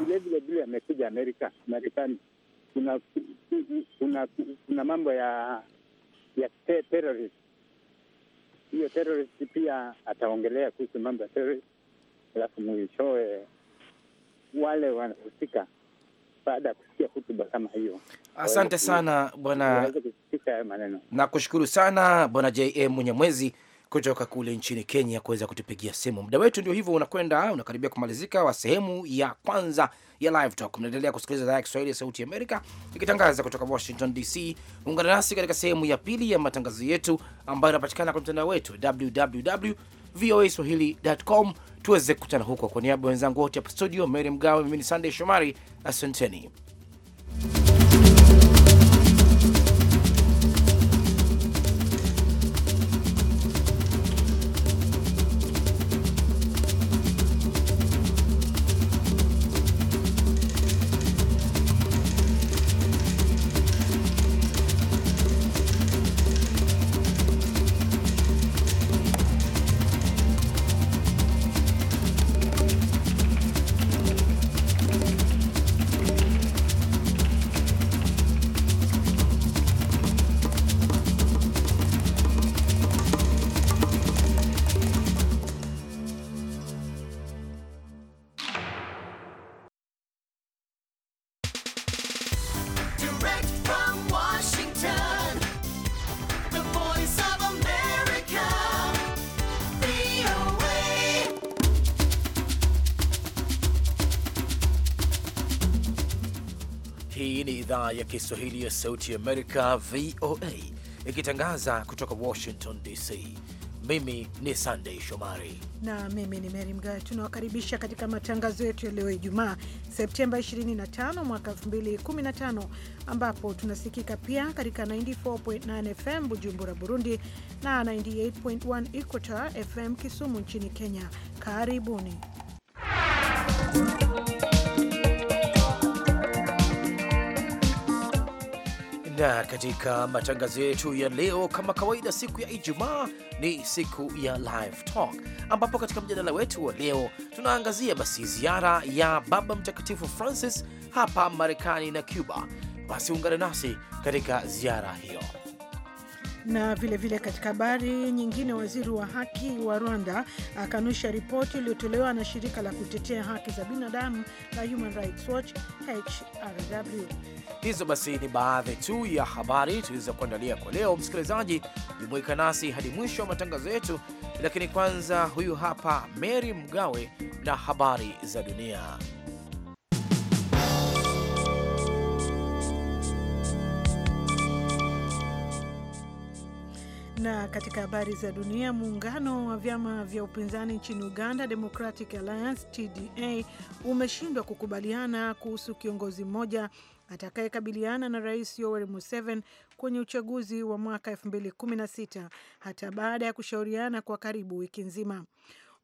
[SPEAKER 5] Vilevile ah, vile amekuja Amerika, Marekani. Kuna kuna kuna mambo ya ya terrorist. Hiyo terrorist pia ataongelea kuhusu mambo ya terrorist, alafu mwishowe wale wanahusika baada ya kusikia hutuba kama hiyo. Asante sana
[SPEAKER 2] bwana, nakushukuru sana bwana JM Munyamwezi kutoka kule nchini Kenya kuweza kutupigia simu. Muda wetu ndio hivyo unakwenda, unakaribia kumalizika wa sehemu ya kwanza ya Live Talk. Mnaendelea kusikiliza idhaa ya Kiswahili ya Sauti ya Amerika ikitangaza kutoka Washington DC. Ungana nasi katika sehemu ya pili ya matangazo yetu ambayo inapatikana kwenye mtandao wetu www voa swahili.com, tuweze kukutana huko. Kwa niaba ya wenzangu wote hapa studio, Mary Mgawe, mimi ni sandey Shomari, asanteni. idhaa ya Kiswahili ya Sauti Amerika, VOA, ikitangaza kutoka Washington DC. Mimi ni Sandey Shomari
[SPEAKER 3] na mimi ni Meri Mgawe. Tunawakaribisha katika matangazo yetu ya leo Ijumaa, Septemba 25 mwaka 2015, ambapo tunasikika pia katika 94.9 FM Bujumbura, Burundi na 98.1 Equator FM Kisumu nchini Kenya. Karibuni
[SPEAKER 2] na katika matangazo yetu ya leo, kama kawaida, siku ya Ijumaa ni siku ya live talk, ambapo katika mjadala wetu wa leo tunaangazia basi ziara ya Baba Mtakatifu Francis hapa Marekani na Cuba. Basi ungane nasi katika ziara hiyo
[SPEAKER 3] na vilevile vile katika habari nyingine, waziri wa haki wa Rwanda akanusha ripoti iliyotolewa na shirika la kutetea haki za binadamu la Human Rights Watch HRW
[SPEAKER 2] Hizo basi ni baadhi tu ya habari tuliweza kuandalia kwa leo. Msikilizaji, jumuika nasi hadi mwisho wa matangazo yetu, lakini kwanza, huyu hapa Mary Mgawe na habari za dunia.
[SPEAKER 3] Na katika habari za dunia, muungano wa vyama vya upinzani nchini Uganda, Democratic Alliance TDA, umeshindwa kukubaliana kuhusu kiongozi mmoja atakayekabiliana na Rais Yoweri Museveni kwenye uchaguzi wa mwaka 2016 hata baada ya kushauriana kwa karibu wiki nzima.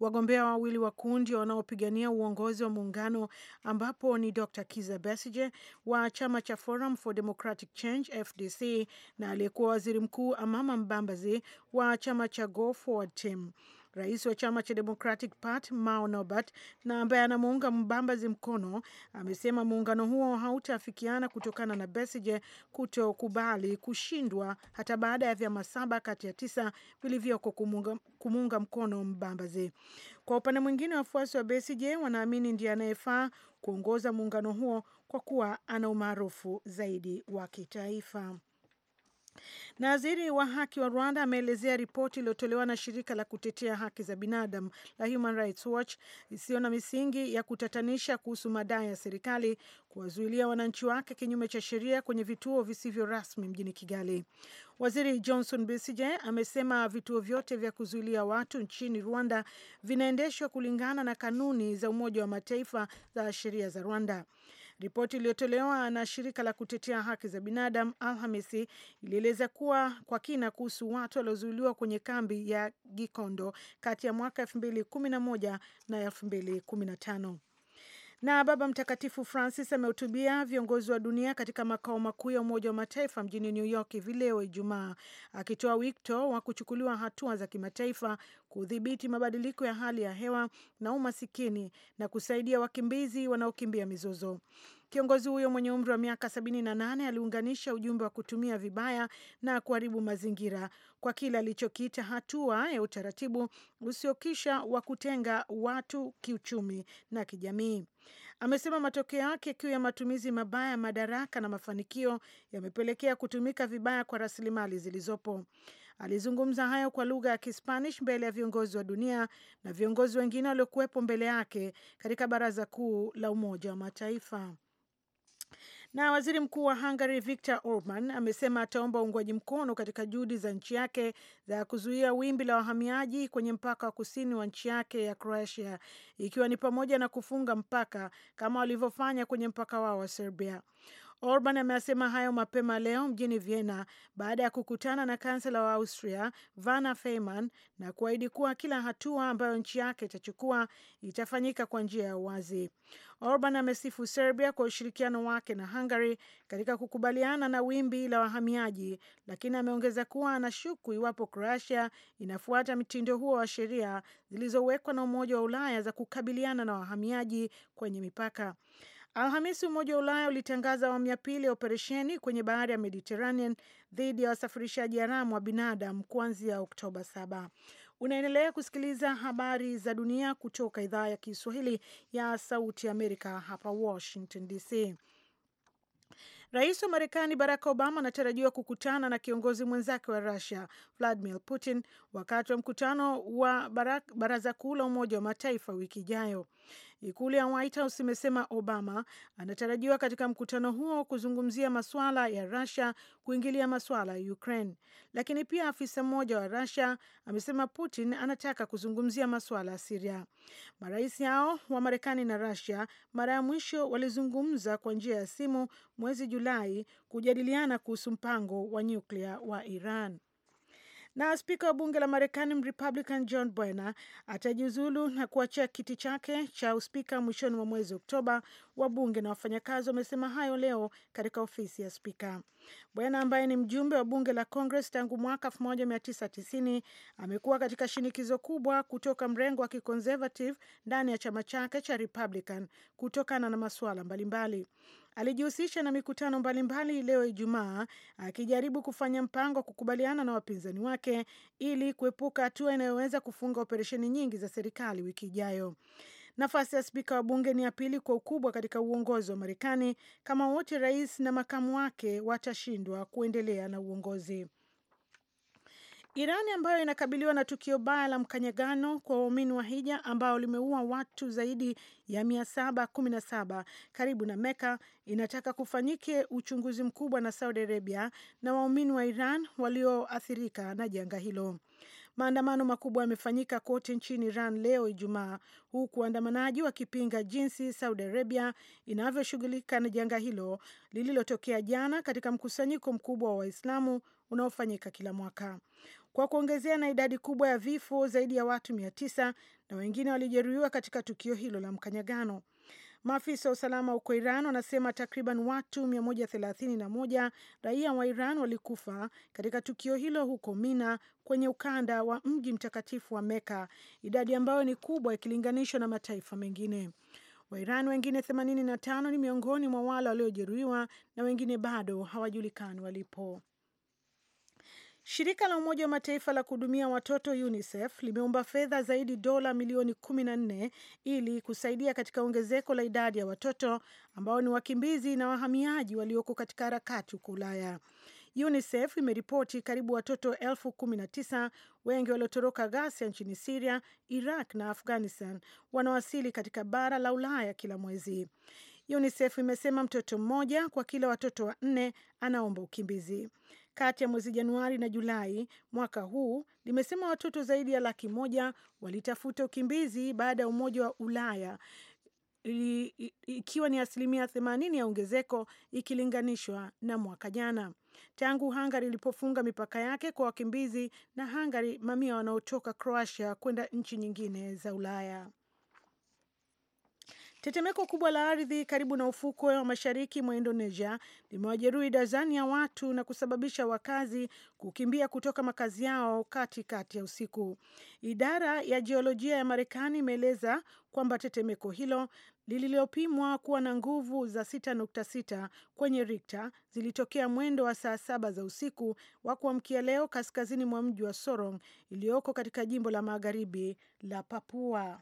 [SPEAKER 3] Wagombea wawili wa kundi wanaopigania uongozi wa muungano ambapo ni Dr Kiza Besige wa chama cha Forum for Democratic Change FDC na aliyekuwa waziri mkuu Amama Mbabazi wa chama cha Go Forward Team. Rais wa chama cha Democratic Party Mao Norbert na ambaye anamuunga mbambazi mkono amesema muungano huo hautaafikiana kutokana na Besigye kutokubali kushindwa hata baada ya vyama saba kati ya tisa vilivyoko kumuunga, kumuunga mkono mbambazi. Kwa upande mwingine, wafuasi wa Besigye wanaamini ndiye anayefaa kuongoza muungano huo kwa kuwa ana umaarufu zaidi wa kitaifa. Na waziri wa haki wa Rwanda ameelezea ripoti iliyotolewa na shirika la kutetea haki za binadamu la Human Rights Watch isiyo na misingi ya kutatanisha kuhusu madai ya serikali kuwazuilia wananchi wake kinyume cha sheria kwenye vituo visivyo rasmi mjini Kigali. Waziri Johnson Besigye amesema vituo vyote vya kuzuilia watu nchini Rwanda vinaendeshwa kulingana na kanuni za Umoja wa Mataifa za sheria za Rwanda. Ripoti iliyotolewa na shirika la kutetea haki za binadamu Alhamisi ilieleza kuwa kwa kina kuhusu watu waliozuiliwa kwenye kambi ya Gikondo kati ya mwaka 2011 na 2015. Na Baba Mtakatifu Francis amehutubia viongozi wa dunia katika makao makuu ya Umoja wa Mataifa mjini New York hivi leo Ijumaa, akitoa wito wa kuchukuliwa hatua za kimataifa kudhibiti mabadiliko ya hali ya hewa na umasikini na kusaidia wakimbizi wanaokimbia mizozo. Kiongozi huyo mwenye umri wa miaka 78 aliunganisha ujumbe wa kutumia vibaya na kuharibu mazingira kwa kile alichokiita hatua ya utaratibu usiokisha wa kutenga watu kiuchumi na kijamii. Amesema matokeo yake kiu ya matumizi mabaya ya madaraka na mafanikio yamepelekea kutumika vibaya kwa rasilimali zilizopo. Alizungumza hayo kwa lugha ya Kispanish mbele ya viongozi wa dunia na viongozi wengine waliokuwepo mbele yake katika Baraza Kuu la Umoja wa Mataifa. Na waziri mkuu wa Hungary Viktor Orban amesema ataomba uungwaji mkono katika juhudi za nchi yake za kuzuia wimbi la wahamiaji kwenye mpaka wa kusini wa nchi yake ya Croatia, ikiwa ni pamoja na kufunga mpaka kama walivyofanya kwenye mpaka wao wa Serbia. Orban ameasema hayo mapema leo mjini Vienna baada ya kukutana na kansela wa Austria Vana Faymann na kuahidi kuwa kila hatua ambayo nchi yake itachukua itafanyika kwa njia ya uwazi. Orban amesifu Serbia kwa ushirikiano wake na Hungary katika kukubaliana na wimbi la wahamiaji, lakini ameongeza kuwa anashuku iwapo Croatia inafuata mtindo huo wa sheria zilizowekwa na Umoja wa Ulaya za kukabiliana na wahamiaji kwenye mipaka. Alhamisi Umoja wa Ulaya ulitangaza awamu ya pili ya operesheni kwenye bahari ya Mediterranean dhidi ya wasafirishaji haramu wa binadamu kuanzia Oktoba 7. Unaendelea kusikiliza habari za dunia kutoka idhaa ya Kiswahili ya Sauti ya Amerika hapa Washington DC. Rais wa Marekani Barack Obama anatarajiwa kukutana na kiongozi mwenzake wa rusia Vladimir Putin wakati wa mkutano wa Baraza Kuu la Umoja wa Mataifa wiki ijayo. Ikulu ya White House imesema Obama anatarajiwa katika mkutano huo kuzungumzia masuala ya Russia kuingilia masuala ya Ukraine, lakini pia afisa mmoja wa Russia amesema Putin anataka kuzungumzia masuala ya Siria. Marais hao wa Marekani na Russia mara ya mwisho walizungumza kwa njia ya simu mwezi Julai kujadiliana kuhusu mpango wa nyuklia wa Iran. Na spika wa bunge la Marekani Mrepublican John bwena atajiuzulu na kuachia kiti chake cha uspika mwishoni mwa mwezi Oktoba. Wabunge na wafanyakazi wamesema hayo leo katika ofisi ya spika. Bwana ambaye ni mjumbe wa bunge la Congress tangu mwaka 1990 amekuwa katika shinikizo kubwa kutoka mrengo wa kiconservative ndani ya chama chake cha Republican kutokana na masuala mbalimbali. Alijihusisha na mikutano mbalimbali leo Ijumaa akijaribu kufanya mpango wa kukubaliana na wapinzani wake ili kuepuka hatua inayoweza kufunga operesheni nyingi za serikali wiki ijayo. Nafasi ya spika wa bunge ni ya pili kwa ukubwa katika uongozi wa Marekani. Kama wote rais na makamu wake watashindwa kuendelea na uongozi Irani ambayo inakabiliwa na tukio baya la mkanyagano kwa waumini wa hija ambao limeua watu zaidi ya 717 karibu na Meka inataka kufanyike uchunguzi mkubwa na Saudi Arabia na waumini wa Iran walioathirika na janga hilo. Maandamano makubwa yamefanyika kote nchini Iran leo Ijumaa, huku waandamanaji wakipinga jinsi Saudi Arabia inavyoshughulika na janga hilo lililotokea jana katika mkusanyiko mkubwa wa Waislamu unaofanyika kila mwaka. Kwa kuongezea na idadi kubwa ya vifo, zaidi ya watu mia tisa na wengine walijeruhiwa katika tukio hilo la mkanyagano. Maafisa wa usalama huko Iran wanasema takriban watu 131 raia wa Iran walikufa katika tukio hilo huko Mina kwenye ukanda wa mji mtakatifu wa Meka, idadi ambayo ni kubwa ikilinganishwa na mataifa mengine. wairan wengine 85 ni miongoni mwa wale waliojeruhiwa na wengine bado hawajulikani walipo. Shirika la Umoja wa Mataifa la kuhudumia watoto UNICEF limeomba fedha zaidi dola milioni 14 ili kusaidia katika ongezeko la idadi ya watoto ambao ni wakimbizi na wahamiaji walioko katika harakati huko Ulaya. UNICEF imeripoti karibu watoto elfu kumi na tisa wengi waliotoroka ghasia nchini Siria, Iraq na Afghanistan wanawasili katika bara la Ulaya kila mwezi. UNICEF imesema mtoto mmoja kwa kila watoto wanne anaomba ukimbizi kati ya mwezi Januari na Julai mwaka huu limesema watoto zaidi ya laki moja walitafuta ukimbizi baada ya Umoja wa Ulaya ikiwa ni asilimia 80 ya ongezeko ikilinganishwa na mwaka jana, tangu Hungary ilipofunga mipaka yake kwa wakimbizi na Hungary, mamia wanaotoka Croatia kwenda nchi nyingine za Ulaya. Tetemeko kubwa la ardhi karibu na ufukwe wa mashariki mwa Indonesia limewajeruhi dazani ya watu na kusababisha wakazi kukimbia kutoka makazi yao katikati kati ya usiku. Idara ya jiolojia ya Marekani imeeleza kwamba tetemeko hilo lililopimwa kuwa na nguvu za 6.6 kwenye rikta zilitokea mwendo wa saa saba za usiku wa kuamkia leo kaskazini mwa mji wa Sorong iliyoko katika jimbo la magharibi la Papua.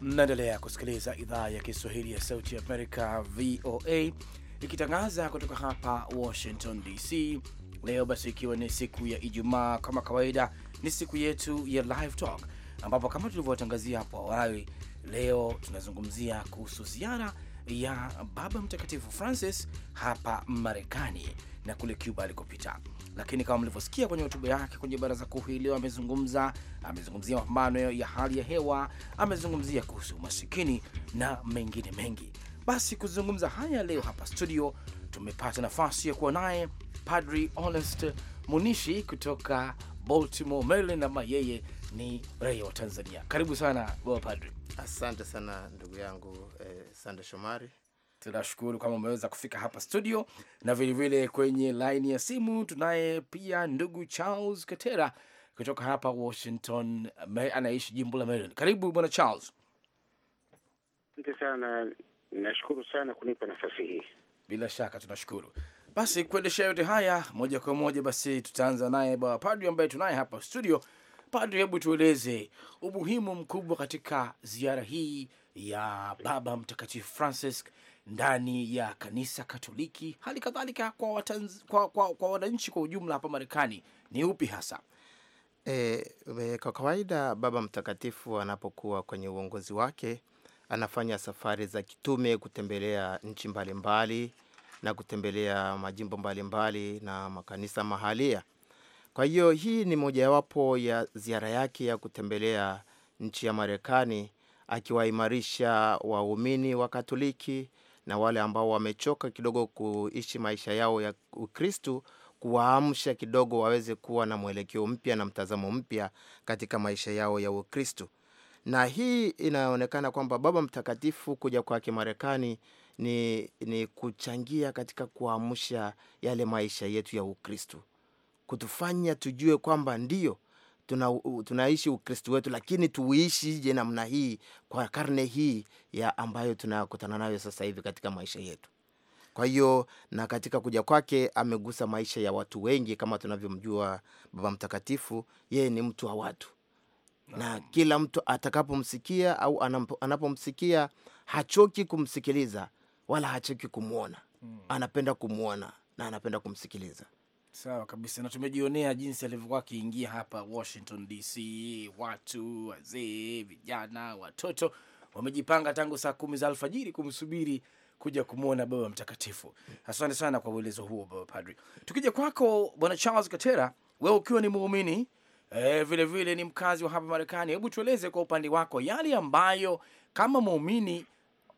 [SPEAKER 2] Mnaendelea kusikiliza idhaa ya Kiswahili ya Sauti ya Amerika, VOA, ikitangaza kutoka hapa Washington DC. Leo basi, ikiwa ni siku ya Ijumaa, kama kawaida, ni siku yetu ya Live Talk, ambapo kama tulivyowatangazia hapo awali, leo tunazungumzia kuhusu ziara ya Baba Mtakatifu Francis hapa Marekani na kule Cuba alikopita lakini kama mlivyosikia kwenye hotuba yake kwenye baraza kuu hii leo, amezungumza amezungumzia mapambano ya hali ya hewa, amezungumzia kuhusu umasikini na mengine mengi. Basi kuzungumza haya leo hapa studio tumepata nafasi ya kuwa naye Padri Honest Munishi kutoka Baltimore, Maryland, ambaye yeye ni raia wa Tanzania. Karibu sana baba padri. Asante sana ndugu yangu eh, Sande Shomari tunashukuru kama umeweza kufika hapa studio, na vilevile kwenye laini ya simu tunaye pia ndugu Charles Katera kutoka hapa Washington, anaishi jimbo la Maryland. Karibu bwana Charles.
[SPEAKER 1] Asante sana, nashukuru sana kunipa nafasi hii.
[SPEAKER 2] Bila shaka tunashukuru. Basi kuendesha yote haya moja kwa moja, basi tutaanza naye bwana Padri ambaye tunaye hapa studio. Padri, hebu tueleze umuhimu mkubwa katika ziara hii ya Baba Mtakatifu Francis ndani ya kanisa Katoliki, hali kadhalika kwa, kwa, kwa, kwa wananchi kwa ujumla hapa Marekani
[SPEAKER 4] ni upi hasa? E, e, kwa kawaida Baba Mtakatifu anapokuwa kwenye uongozi wake anafanya safari za kitume kutembelea nchi mbalimbali na kutembelea majimbo mbalimbali mbali na makanisa mahalia. Kwa hiyo hii ni mojawapo ya ziara yake ya kutembelea nchi ya Marekani, akiwaimarisha waumini wa Katoliki na wale ambao wamechoka kidogo kuishi maisha yao ya Ukristu kuwaamsha kidogo waweze kuwa na mwelekeo mpya na mtazamo mpya katika maisha yao ya Ukristu. Na hii inaonekana kwamba Baba Mtakatifu kuja kwake Marekani ni, ni kuchangia katika kuamsha yale maisha yetu ya Ukristu, kutufanya tujue kwamba ndiyo tuna, tunaishi Ukristo wetu, lakini tuishije namna hii kwa karne hii ya ambayo tunakutana nayo sasa hivi katika maisha yetu. Kwa hiyo na katika kuja kwake amegusa maisha ya watu wengi. Kama tunavyomjua Baba Mtakatifu, yeye ni mtu wa watu na kila mtu atakapomsikia au anapomsikia hachoki kumsikiliza wala hachoki kumwona, hmm. anapenda kumwona na anapenda kumsikiliza.
[SPEAKER 2] Sawa kabisa, na tumejionea jinsi alivyokuwa akiingia hapa Washington DC. Watu wazee, vijana, watoto wamejipanga tangu saa kumi za alfajiri kumsubiri kuja kumwona Baba Mtakatifu. Asante sana kwa uelezo huo Baba Padri. Tukija kwako Bwana Charles Katera, wewe ukiwa ni muumini vilevile eh, vile ni mkazi wa hapa Marekani, hebu tueleze kwa upande wako yale ambayo kama muumini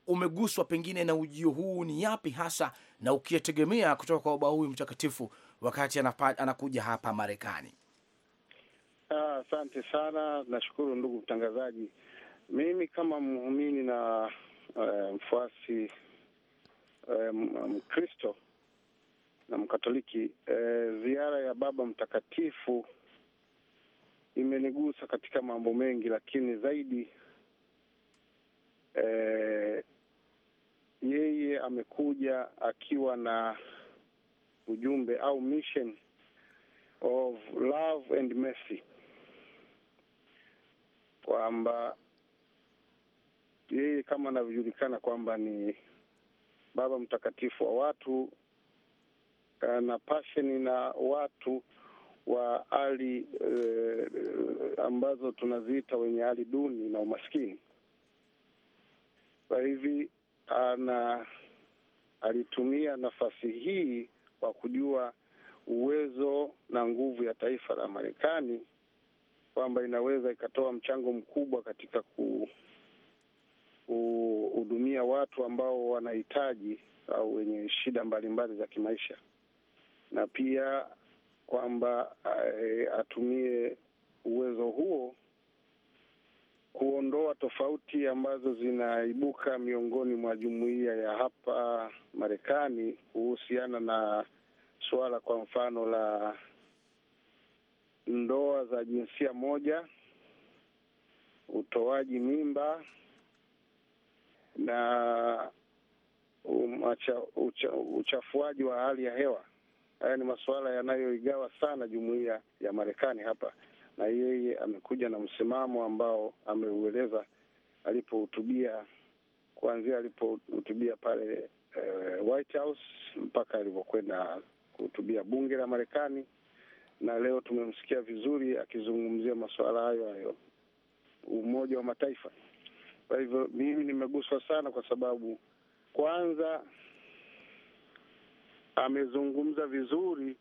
[SPEAKER 2] umeguswa pengine na ujio huu, ni yapi hasa na ukiyategemea kutoka kwa baba huyu mtakatifu wakati anakuja hapa Marekani?
[SPEAKER 1] Ah, asante ah, sana. Nashukuru ndugu mtangazaji. Mimi kama muumini na uh, mfuasi eh, Mkristo na Mkatoliki uh, ziara ya Baba Mtakatifu imenigusa katika mambo mengi, lakini zaidi uh, yeye amekuja akiwa na ujumbe au mission of love and mercy, kwamba yeye kama anavyojulikana kwamba ni baba mtakatifu wa watu na pasheni na watu wa hali eh, ambazo tunaziita wenye hali duni na umaskini. Kwa hivi ana alitumia nafasi hii kwa kujua uwezo na nguvu ya taifa la Marekani kwamba inaweza ikatoa mchango mkubwa katika kuhudumia watu ambao wanahitaji au wenye shida mbalimbali za kimaisha, na pia kwamba eh, atumie uwezo huo kuondoa tofauti ambazo zinaibuka miongoni mwa jumuiya ya hapa Marekani kuhusiana na suala kwa mfano la ndoa za jinsia moja, utoaji mimba na umacha, ucha, uchafuaji wa hali ya hewa. Haya ni masuala yanayoigawa sana jumuiya ya Marekani hapa na yeye amekuja na msimamo ambao ameueleza alipohutubia, kuanzia alipohutubia pale eh, White House mpaka alivyokwenda kuhutubia bunge la Marekani, na leo tumemsikia vizuri akizungumzia masuala hayo hayo Umoja wa Mataifa. Kwa hivyo mimi nimeguswa sana, kwa sababu kwanza amezungumza vizuri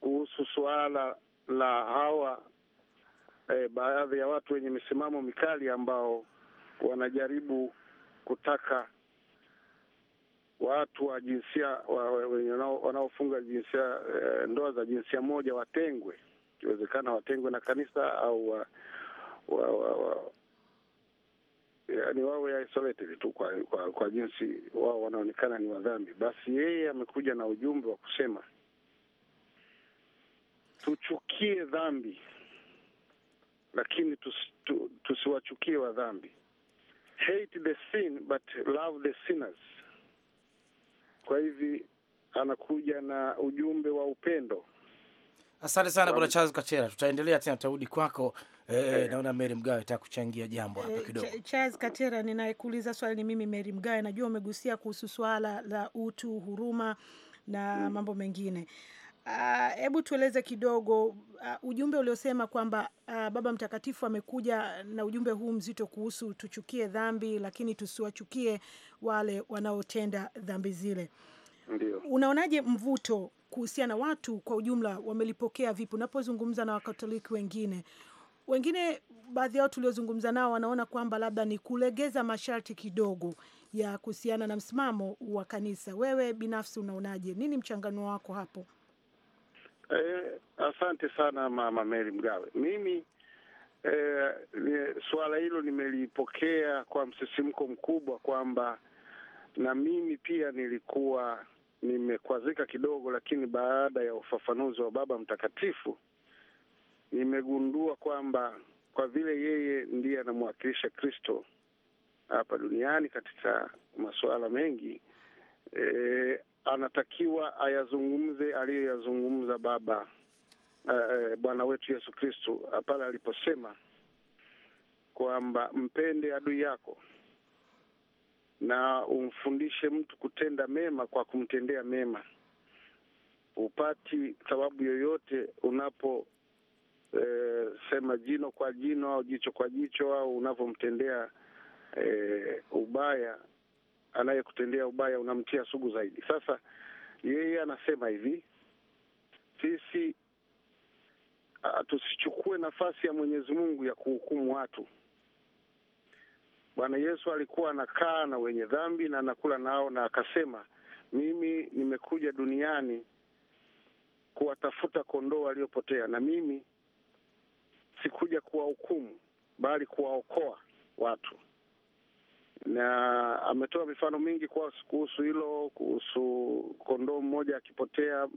[SPEAKER 1] kuhusu suala la hawa eh, baadhi ya watu wenye misimamo mikali ambao wanajaribu kutaka watu wa jinsia wanaofunga jinsia eh, ndoa za jinsia moja watengwe, ikiwezekana watengwe na kanisa au wa, wa, wa, wa, yani wawe isolated tu kwa, kwa, kwa jinsi wao wanaonekana ni wadhambi. Basi yeye amekuja na ujumbe wa kusema tuchukie dhambi lakini tusiwachukie tu, tusiwachukie wa dhambi. Hate the sin but love the sinners. Kwa hivi anakuja na ujumbe wa upendo.
[SPEAKER 2] Asante sana Bwana Charles Kachera, tutaendelea tena, tutarudi kwako. E, naona Mary Mgawe ta kuchangia jambo hapa eh, kidogo.
[SPEAKER 3] Charles Katera, ninayekuuliza swali ni mimi Mary Mgawe. Najua umegusia kuhusu swala la utu, huruma na mm. mambo mengine Ah, hebu uh, tueleze kidogo uh, ujumbe uliosema kwamba uh, Baba Mtakatifu amekuja na ujumbe huu mzito kuhusu tuchukie dhambi, lakini tusiwachukie wale wanaotenda dhambi zile. Ndiyo. Unaonaje mvuto kuhusiana, watu kwa ujumla wamelipokea vipi? Unapozungumza na Wakatoliki wengine wengine, baadhi yao tuliozungumza nao wanaona kwamba labda ni kulegeza masharti kidogo ya kuhusiana na msimamo wa kanisa. Wewe binafsi unaonaje? Nini mchanganuo wako hapo?
[SPEAKER 1] Eh, asante sana Mama Mary Mgawe. Mimi eh, suala hilo nimelipokea kwa msisimko mkubwa kwamba na mimi pia nilikuwa nimekwazika kidogo, lakini baada ya ufafanuzi wa Baba Mtakatifu nimegundua kwamba kwa vile yeye ndiye anamwakilisha Kristo hapa duniani katika masuala mengi e, anatakiwa ayazungumze aliyoyazungumza Baba uh, Bwana wetu Yesu Kristu eh, pale aliposema kwamba mpende adui yako na umfundishe mtu kutenda mema kwa kumtendea mema. Upati sababu yoyote unapo e, sema jino kwa jino au jicho kwa jicho au unavyomtendea e, ubaya anayekutendea ubaya unamtia sugu zaidi. Sasa yeye anasema hivi, sisi tusichukue nafasi ya Mwenyezi Mungu ya kuhukumu watu. Bwana Yesu alikuwa anakaa na wenye dhambi na anakula nao, na akasema, mimi nimekuja duniani kuwatafuta kondoo waliopotea, na mimi sikuja kuwahukumu, bali kuwaokoa watu na ametoa mifano mingi kwa kuhusu hilo, kuhusu kondoo mmoja akipotea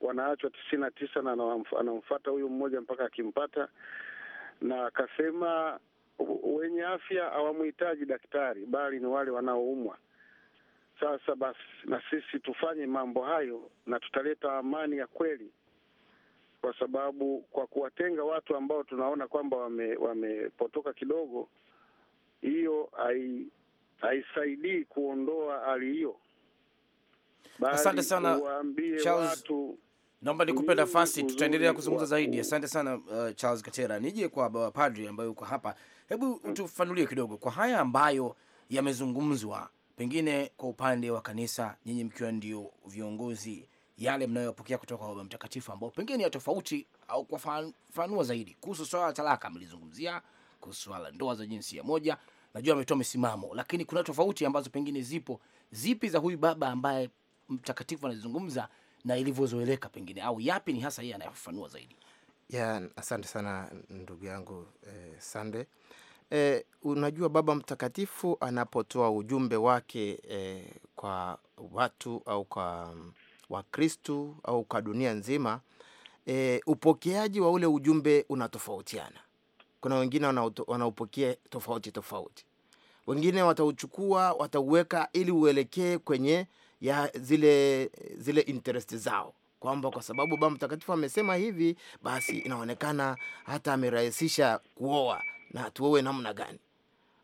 [SPEAKER 1] wanaachwa tisini na tisa na anamfata huyu mmoja mpaka akimpata, na akasema wenye afya hawamhitaji daktari, bali ni wale wanaoumwa. Sasa basi, na sisi tufanye mambo hayo na tutaleta amani ya kweli, kwa sababu kwa kuwatenga watu ambao tunaona kwamba wame, wamepotoka kidogo, hiyo haisaidii kuondoa hali hiyo.
[SPEAKER 2] Asante sana Charles, naomba nikupe nafasi, tutaendelea kuzungumza zaidi. Asante sana uh, Charles Katera. Nije kwa baba padri ambaye uko hapa, hebu tufanulie kidogo kwa haya ambayo yamezungumzwa, pengine kwa upande wa kanisa, nyinyi mkiwa ndio viongozi, yale mnayopokea kutoka kwa Baba Mtakatifu ambao pengine ya tofauti au fanua zaidi kuhusu swala la talaka, mlizungumzia kuhusu swala ndoa za jinsia moja najua ametoa misimamo, lakini kuna tofauti ambazo pengine zipo zipi za huyu baba ambaye mtakatifu anazungumza na ilivyozoeleka pengine, au yapi ni hasa yeye anayafafanua zaidi?
[SPEAKER 4] Ya, asante sana ndugu yangu eh, Sande. Eh, unajua Baba Mtakatifu anapotoa ujumbe wake eh, kwa watu au kwa Wakristu au kwa dunia nzima eh, upokeaji wa ule ujumbe unatofautiana kuna wengine wanaopokea tofauti tofauti. Wengine watauchukua watauweka ili uelekee kwenye ya zile zile interest zao, kwamba kwa sababu Baba Mtakatifu amesema hivi, basi inaonekana hata amerahisisha kuoa na tuowe namna gani.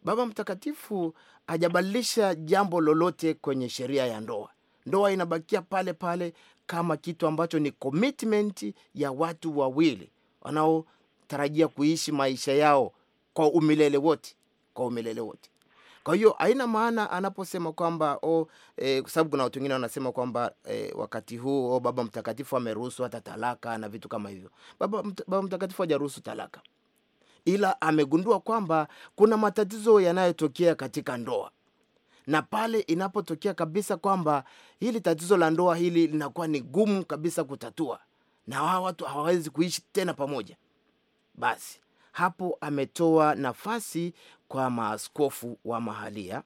[SPEAKER 4] Baba Mtakatifu hajabadilisha jambo lolote kwenye sheria ya ndoa. Ndoa inabakia pale pale kama kitu ambacho ni commitment ya watu wawili wanao wanatarajia kuishi maisha yao kwa umilele wote, kwa umilele wote. Kwa hiyo haina maana anaposema kwamba oh, eh, kwa sababu kuna watu wengine wanasema kwamba eh, wakati huu oh, Baba Mtakatifu ameruhusu hata talaka na vitu kama hivyo. Baba, mt, Baba Mtakatifu hajaruhusu talaka, ila amegundua kwamba kuna matatizo yanayotokea katika ndoa na pale inapotokea kabisa kwamba hili tatizo la ndoa hili linakuwa ni gumu kabisa kutatua, na hawa watu hawawezi kuishi tena pamoja, basi hapo ametoa nafasi kwa maaskofu wa mahalia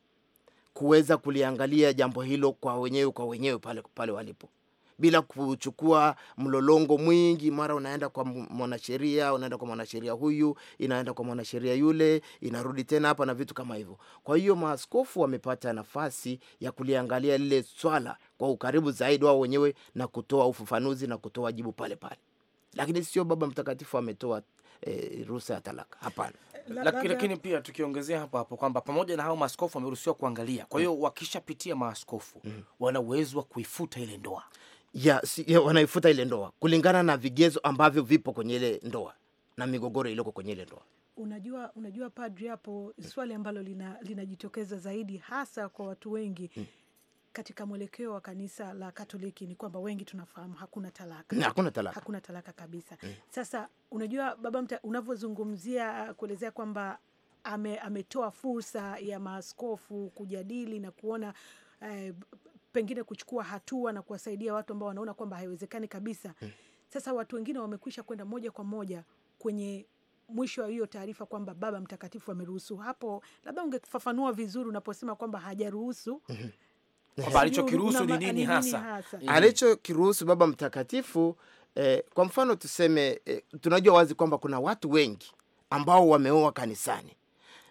[SPEAKER 4] kuweza kuliangalia jambo hilo kwa wenyewe kwa wenyewe pale, pale walipo bila kuchukua mlolongo mwingi, mara unaenda kwa mwanasheria, unaenda kwa mwanasheria huyu, inaenda kwa mwanasheria yule, inarudi tena hapa na vitu kama hivyo. Kwa hiyo maaskofu wamepata nafasi ya kuliangalia lile swala kwa ukaribu zaidi wao wenyewe na kutoa ufafanuzi na kutoa jibu pale pale, lakini sio Baba Mtakatifu ametoa e, ruhusa ya talaka. Hapana,
[SPEAKER 5] eh,
[SPEAKER 2] lakini
[SPEAKER 4] pia tukiongezea hapo hapo kwamba pamoja na hao maaskofu wameruhusiwa kuangalia, kwa hiyo mm. wakishapitia maaskofu mm, wana uwezo wa kuifuta ile ndoa ya, si, ya, wanaifuta ile ndoa kulingana na vigezo ambavyo vipo kwenye ile ndoa na migogoro iliyoko kwenye ile ndoa.
[SPEAKER 3] Unajua, unajua padri, hapo swali ambalo linajitokeza lina zaidi hasa kwa watu wengi mm katika mwelekeo wa kanisa la Katoliki ni kwamba wengi tunafahamu hakuna talaka, hakuna talaka, hakuna talaka kabisa mm. Sasa unajua baba mta unavyozungumzia uh, kuelezea kwamba ame, ametoa fursa ya maaskofu kujadili na kuona eh, pengine kuchukua hatua na kuwasaidia watu ambao wanaona kwamba haiwezekani kabisa mm. Sasa watu wengine wamekwisha kwenda moja kwa moja kwenye mwisho wa hiyo taarifa kwamba Baba Mtakatifu ameruhusu. Hapo labda ungefafanua vizuri unaposema kwamba hajaruhusu mhm kwamba alichokiruhusu ni nini hasa, mm.
[SPEAKER 4] alichokiruhusu Baba Mtakatifu. Eh, kwa mfano tuseme, eh, tunajua wazi kwamba kuna watu wengi ambao wameoa kanisani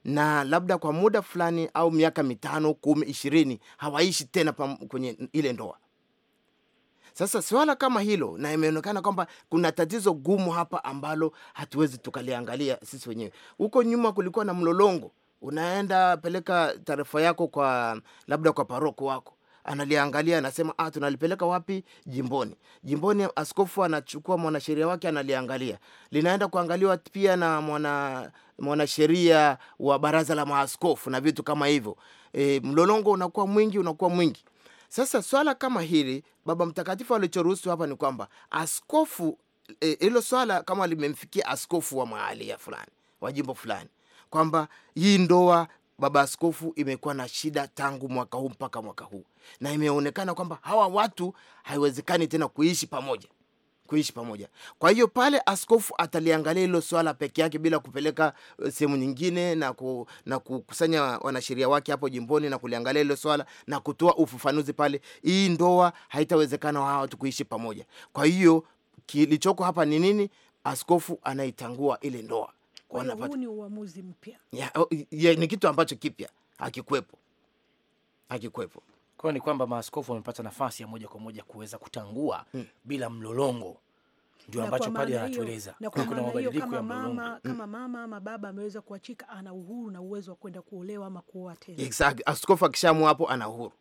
[SPEAKER 4] na labda kwa muda fulani au miaka mitano, kumi, ishirini hawaishi tena kwenye ile ndoa. Sasa swala kama hilo, na imeonekana kwamba kuna tatizo gumu hapa ambalo hatuwezi tukaliangalia sisi wenyewe. Huko nyuma kulikuwa na mlolongo unaenda peleka taarifa yako kwa labda kwa paroko wako analiangalia anasema, ah, tunalipeleka wapi? Jimboni. Jimboni, askofu anachukua mwanasheria wake analiangalia, linaenda kuangaliwa pia na mwana mwanasheria wa baraza la maaskofu na vitu kama hivyo. E, mlolongo unakuwa mwingi, unakuwa mwingi. Sasa swala kama hili Baba Mtakatifu alichoruhusu hapa ni kwamba askofu e, hilo e, swala kama limemfikia askofu wa mahali ya fulani wa jimbo fulani kwamba hii ndoa baba askofu imekuwa na shida tangu mwaka huu mpaka mwaka huu, na imeonekana kwamba hawa watu haiwezekani tena kuishi pamoja kuishi pamoja. Kwa hiyo pale askofu ataliangalia hilo swala peke yake bila kupeleka eh, sehemu nyingine na, ku, na kukusanya wanasheria wake hapo jimboni na kuliangalia hilo swala na kutoa ufafanuzi pale, hii ndoa haitawezekana hawa watu kuishi pamoja. Kwa hiyo kilichoko hapa ni nini? Askofu anaitangua ile ndoa
[SPEAKER 3] huu ni uamuzi mpya
[SPEAKER 4] yeah, oh, yeah, ni kitu ambacho kipya hakikuwepo, hakikuwepo kwa ni kwamba maaskofu wamepata nafasi ya moja
[SPEAKER 2] kwa moja kuweza kutangua hmm, bila mlolongo ndio ambacho pale anatueleza kuna
[SPEAKER 3] mabadiliko ya kama mama hmm. kama mama ama baba ameweza kuachika, ana uhuru na uwezo wa kwenda kuolewa ama kuoa tena. Exactly,
[SPEAKER 4] askofu akishamua hapo ana uhuru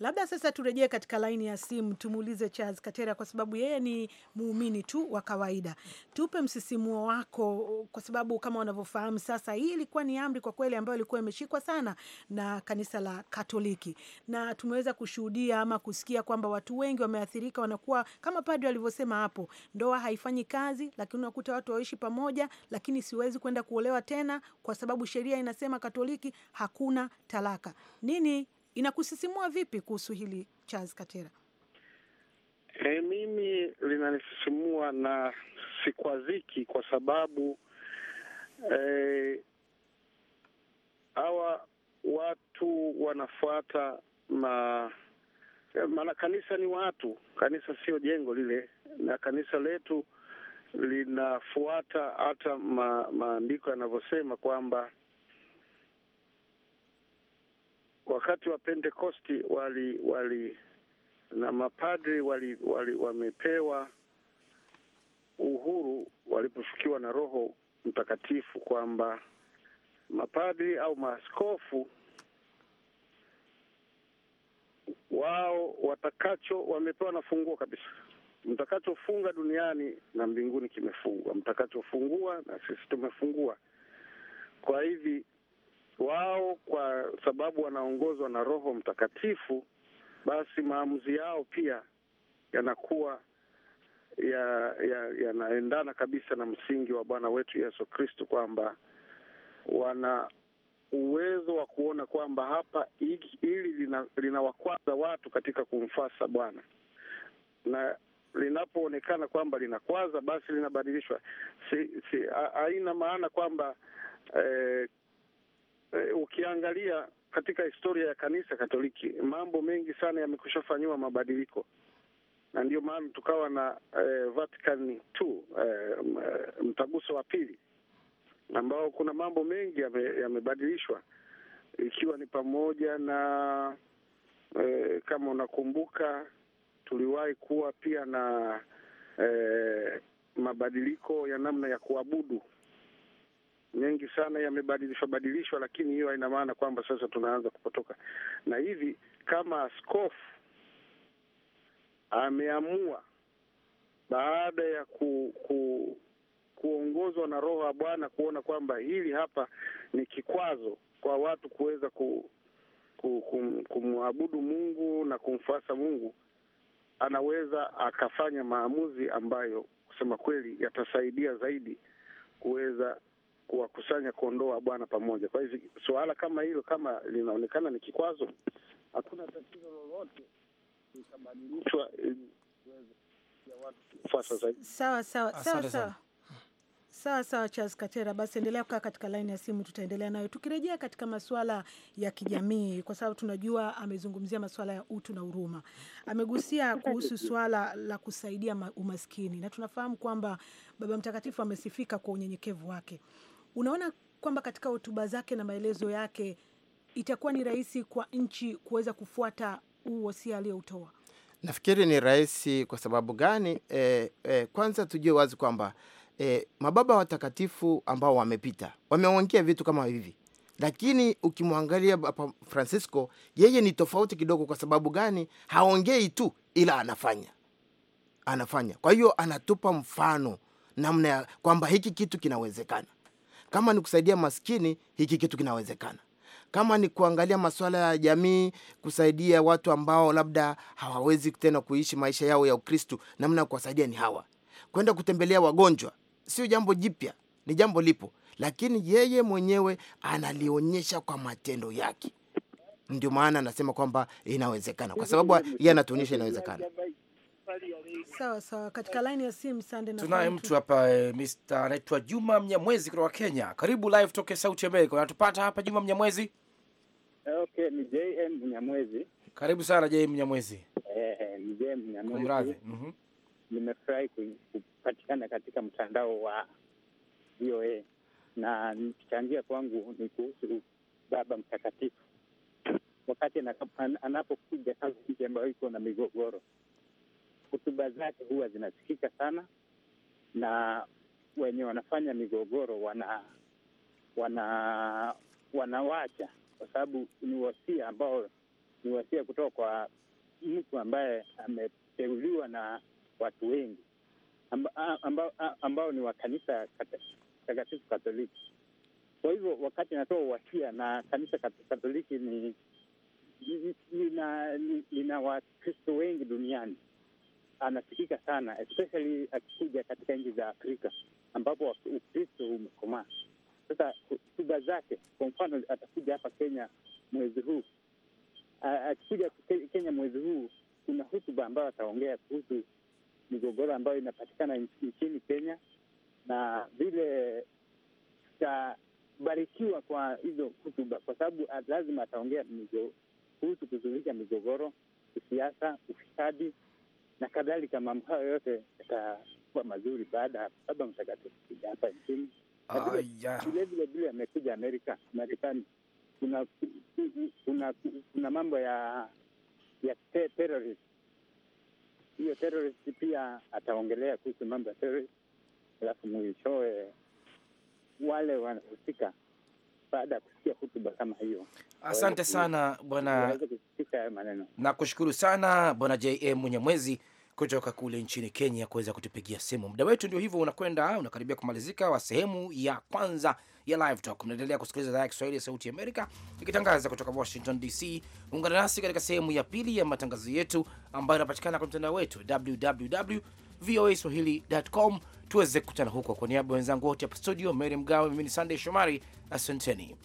[SPEAKER 3] Labda sasa turejee katika laini ya simu, tumuulize Charles Katera kwa sababu yeye ni muumini tu wa kawaida. Tupe msisimuo wako, kwa sababu kama wanavyofahamu sasa, hii ilikuwa ni amri kwa kweli ambayo ilikuwa imeshikwa sana na kanisa la Katoliki, na tumeweza kushuhudia ama kusikia kwamba watu wengi wameathirika, wanakuwa kama padri alivyosema hapo, ndoa haifanyi kazi, lakini unakuta watu waishi pamoja, lakini siwezi kwenda kuolewa tena kwa sababu sheria inasema Katoliki hakuna talaka. Nini Inakusisimua vipi kuhusu hili Charles Katera?
[SPEAKER 1] E, mimi linanisisimua na sikwaziki kwa sababu e, hawa e, watu wanafuata ma maana kanisa ni watu, kanisa sio jengo lile, na kanisa letu linafuata hata maandiko yanavyosema kwamba wakati wa Pentekosti wali wali na mapadri wali, wali wamepewa uhuru waliposhukiwa na Roho Mtakatifu kwamba mapadri au maaskofu wao watakacho wamepewa na funguo kabisa. Mtakachofunga duniani na mbinguni kimefungwa, mtakachofungua na sisi tumefungua. Kwa hivi wao kwa sababu wanaongozwa na Roho Mtakatifu, basi maamuzi yao pia yanakuwa yanaendana ya, yanaendana kabisa na msingi wa Bwana wetu Yesu Kristo, kwamba wana uwezo wa kuona kwamba hapa hili lina, linawakwaza watu katika kumfasa Bwana, na linapoonekana kwamba linakwaza, basi linabadilishwa. Si, si haina maana kwamba eh, e, ukiangalia katika historia ya kanisa Katoliki mambo mengi sana yamekushafanyiwa mabadiliko na ndio maana tukawa na e, Vatican II e, eh, mtaguso wa pili ambao kuna mambo mengi yamebadilishwa ya ikiwa ni pamoja na e, kama unakumbuka tuliwahi kuwa pia na e, mabadiliko ya namna ya kuabudu mengi sana yamebadilishwa badilishwa, lakini hiyo haina maana kwamba sasa tunaanza kupotoka. Na hivi kama askofu ameamua baada ya ku, ku, kuongozwa na Roho ya Bwana kuona kwamba hili hapa ni kikwazo kwa watu kuweza ku, ku, kum, kumwabudu Mungu na kumfuasa Mungu, anaweza akafanya maamuzi ambayo kusema kweli yatasaidia zaidi kuweza kuwakusanya kuondoa Bwana pamoja. Kwa hivyo suala kama hilo kama linaonekana ni kikwazo, hakuna tatizo lolote litabadilishwa
[SPEAKER 3] sawa sawa sawa sawa sawa sawa. Charles Katera, basi endelea kukaa katika laini ya simu, tutaendelea nayo tukirejea katika masuala ya kijamii, kwa sababu tunajua amezungumzia masuala ya utu na huruma. Amegusia kuhusu swala la kusaidia umaskini, na tunafahamu kwamba Baba Mtakatifu amesifika kwa unyenyekevu wake. Unaona kwamba katika hotuba zake na maelezo yake itakuwa ni rahisi kwa nchi kuweza kufuata huu wasia aliyoutoa?
[SPEAKER 4] Nafikiri ni rahisi. Kwa sababu gani? E, e, kwanza tujue wazi kwamba e, mababa watakatifu ambao wamepita wameongea vitu kama hivi, lakini ukimwangalia Papa Francisco yeye ni tofauti kidogo. Kwa sababu gani? Haongei tu, ila anafanya anafanya. Kwa hiyo anatupa mfano namna ya kwamba hiki kitu kinawezekana. Kama ni kusaidia maskini, hiki kitu kinawezekana. Kama ni kuangalia masuala ya jamii, kusaidia watu ambao labda hawawezi tena kuishi maisha yao ya Ukristu, namna ya kuwasaidia ni hawa. Kwenda kutembelea wagonjwa sio jambo jipya, ni jambo lipo, lakini yeye mwenyewe analionyesha kwa matendo yake. Ndio maana anasema kwamba inawezekana, kwa sababu yeye anatuonyesha inawezekana.
[SPEAKER 3] Sawa sawa, katika ya simu sande, na tunaye mtu
[SPEAKER 4] hapa eh, Mr. anaitwa
[SPEAKER 2] Juma Mnyamwezi kutoka Kenya. Karibu live toke Sauti Amerika. Unatupata hapa Juma Mnyamwezi?
[SPEAKER 5] Eh, okay, ni JM Mnyamwezi.
[SPEAKER 2] Karibu sana JM Mnyamwezi.
[SPEAKER 5] Eh, eh ni JM Mnyamwezi. Kumradhi. Mhm. Nimefurahi kupatikana katika mtandao wa VOA na nikichangia kwangu ni kuhusu Baba Mtakatifu wakati anapokuja kazi ambayo iko na migogoro hotuba zake huwa zinasikika sana, na wenye wanafanya migogoro wana wana wanawacha kwa sababu ni wasia ambao ni wasia kutoka kwa mtu ambaye ameteuliwa na watu wengi ambao amba, amba ni wa kanisa takatifu Katoliki. Kwa hivyo wakati anatoa wasia na kanisa Katoliki ni lina Wakristo wengi duniani, anasikika sana especially akikuja katika nchi za Afrika ambapo Ukristo umekomaa. Sasa hotuba zake, kwa mfano, atakuja hapa Kenya mwezi huu, akikuja Kenya mwezi huu, kuna hotuba ambayo ataongea kuhusu migogoro ambayo inapatikana nchini Kenya na vile tutabarikiwa kwa hizo hotuba, kwa sababu lazima ataongea kuhusu kusuluhisha migogoro, kisiasa, ufisadi na kadhalika. Mambo hayo yote yatakuwa mazuri baada ya Baba Mtakatifu kuja hapa nchini. Vilevile vile amekuja Amerika, Marekani. Kuna kuna kuna mambo ya ya terrorist, hiyo terrorist pia ataongelea kuhusu mambo ya terrorist, alafu mwishowe wale wanahusika baada ya kusikia hutuba kama hiyo. Asante sana
[SPEAKER 2] bwana, nakushukuru sana bwana JM Mwenyamwezi kutoka kule nchini Kenya kuweza kutupigia simu. Muda wetu ndio hivyo unakwenda, unakaribia kumalizika wa sehemu ya kwanza ya Live Talk. Mnaendelea kusikiliza idhaa ya Kiswahili ya Sauti Amerika ikitangaza kutoka Washington DC. Ungana nasi katika sehemu ya pili ya matangazo yetu ambayo inapatikana kwa mtandao wetu www voa swahili.com, tuweze kukutana huko. Kwa niaba ya wenzangu wote hapa studio, Mary Mgawe, mimi ni sandey Shomari, asanteni.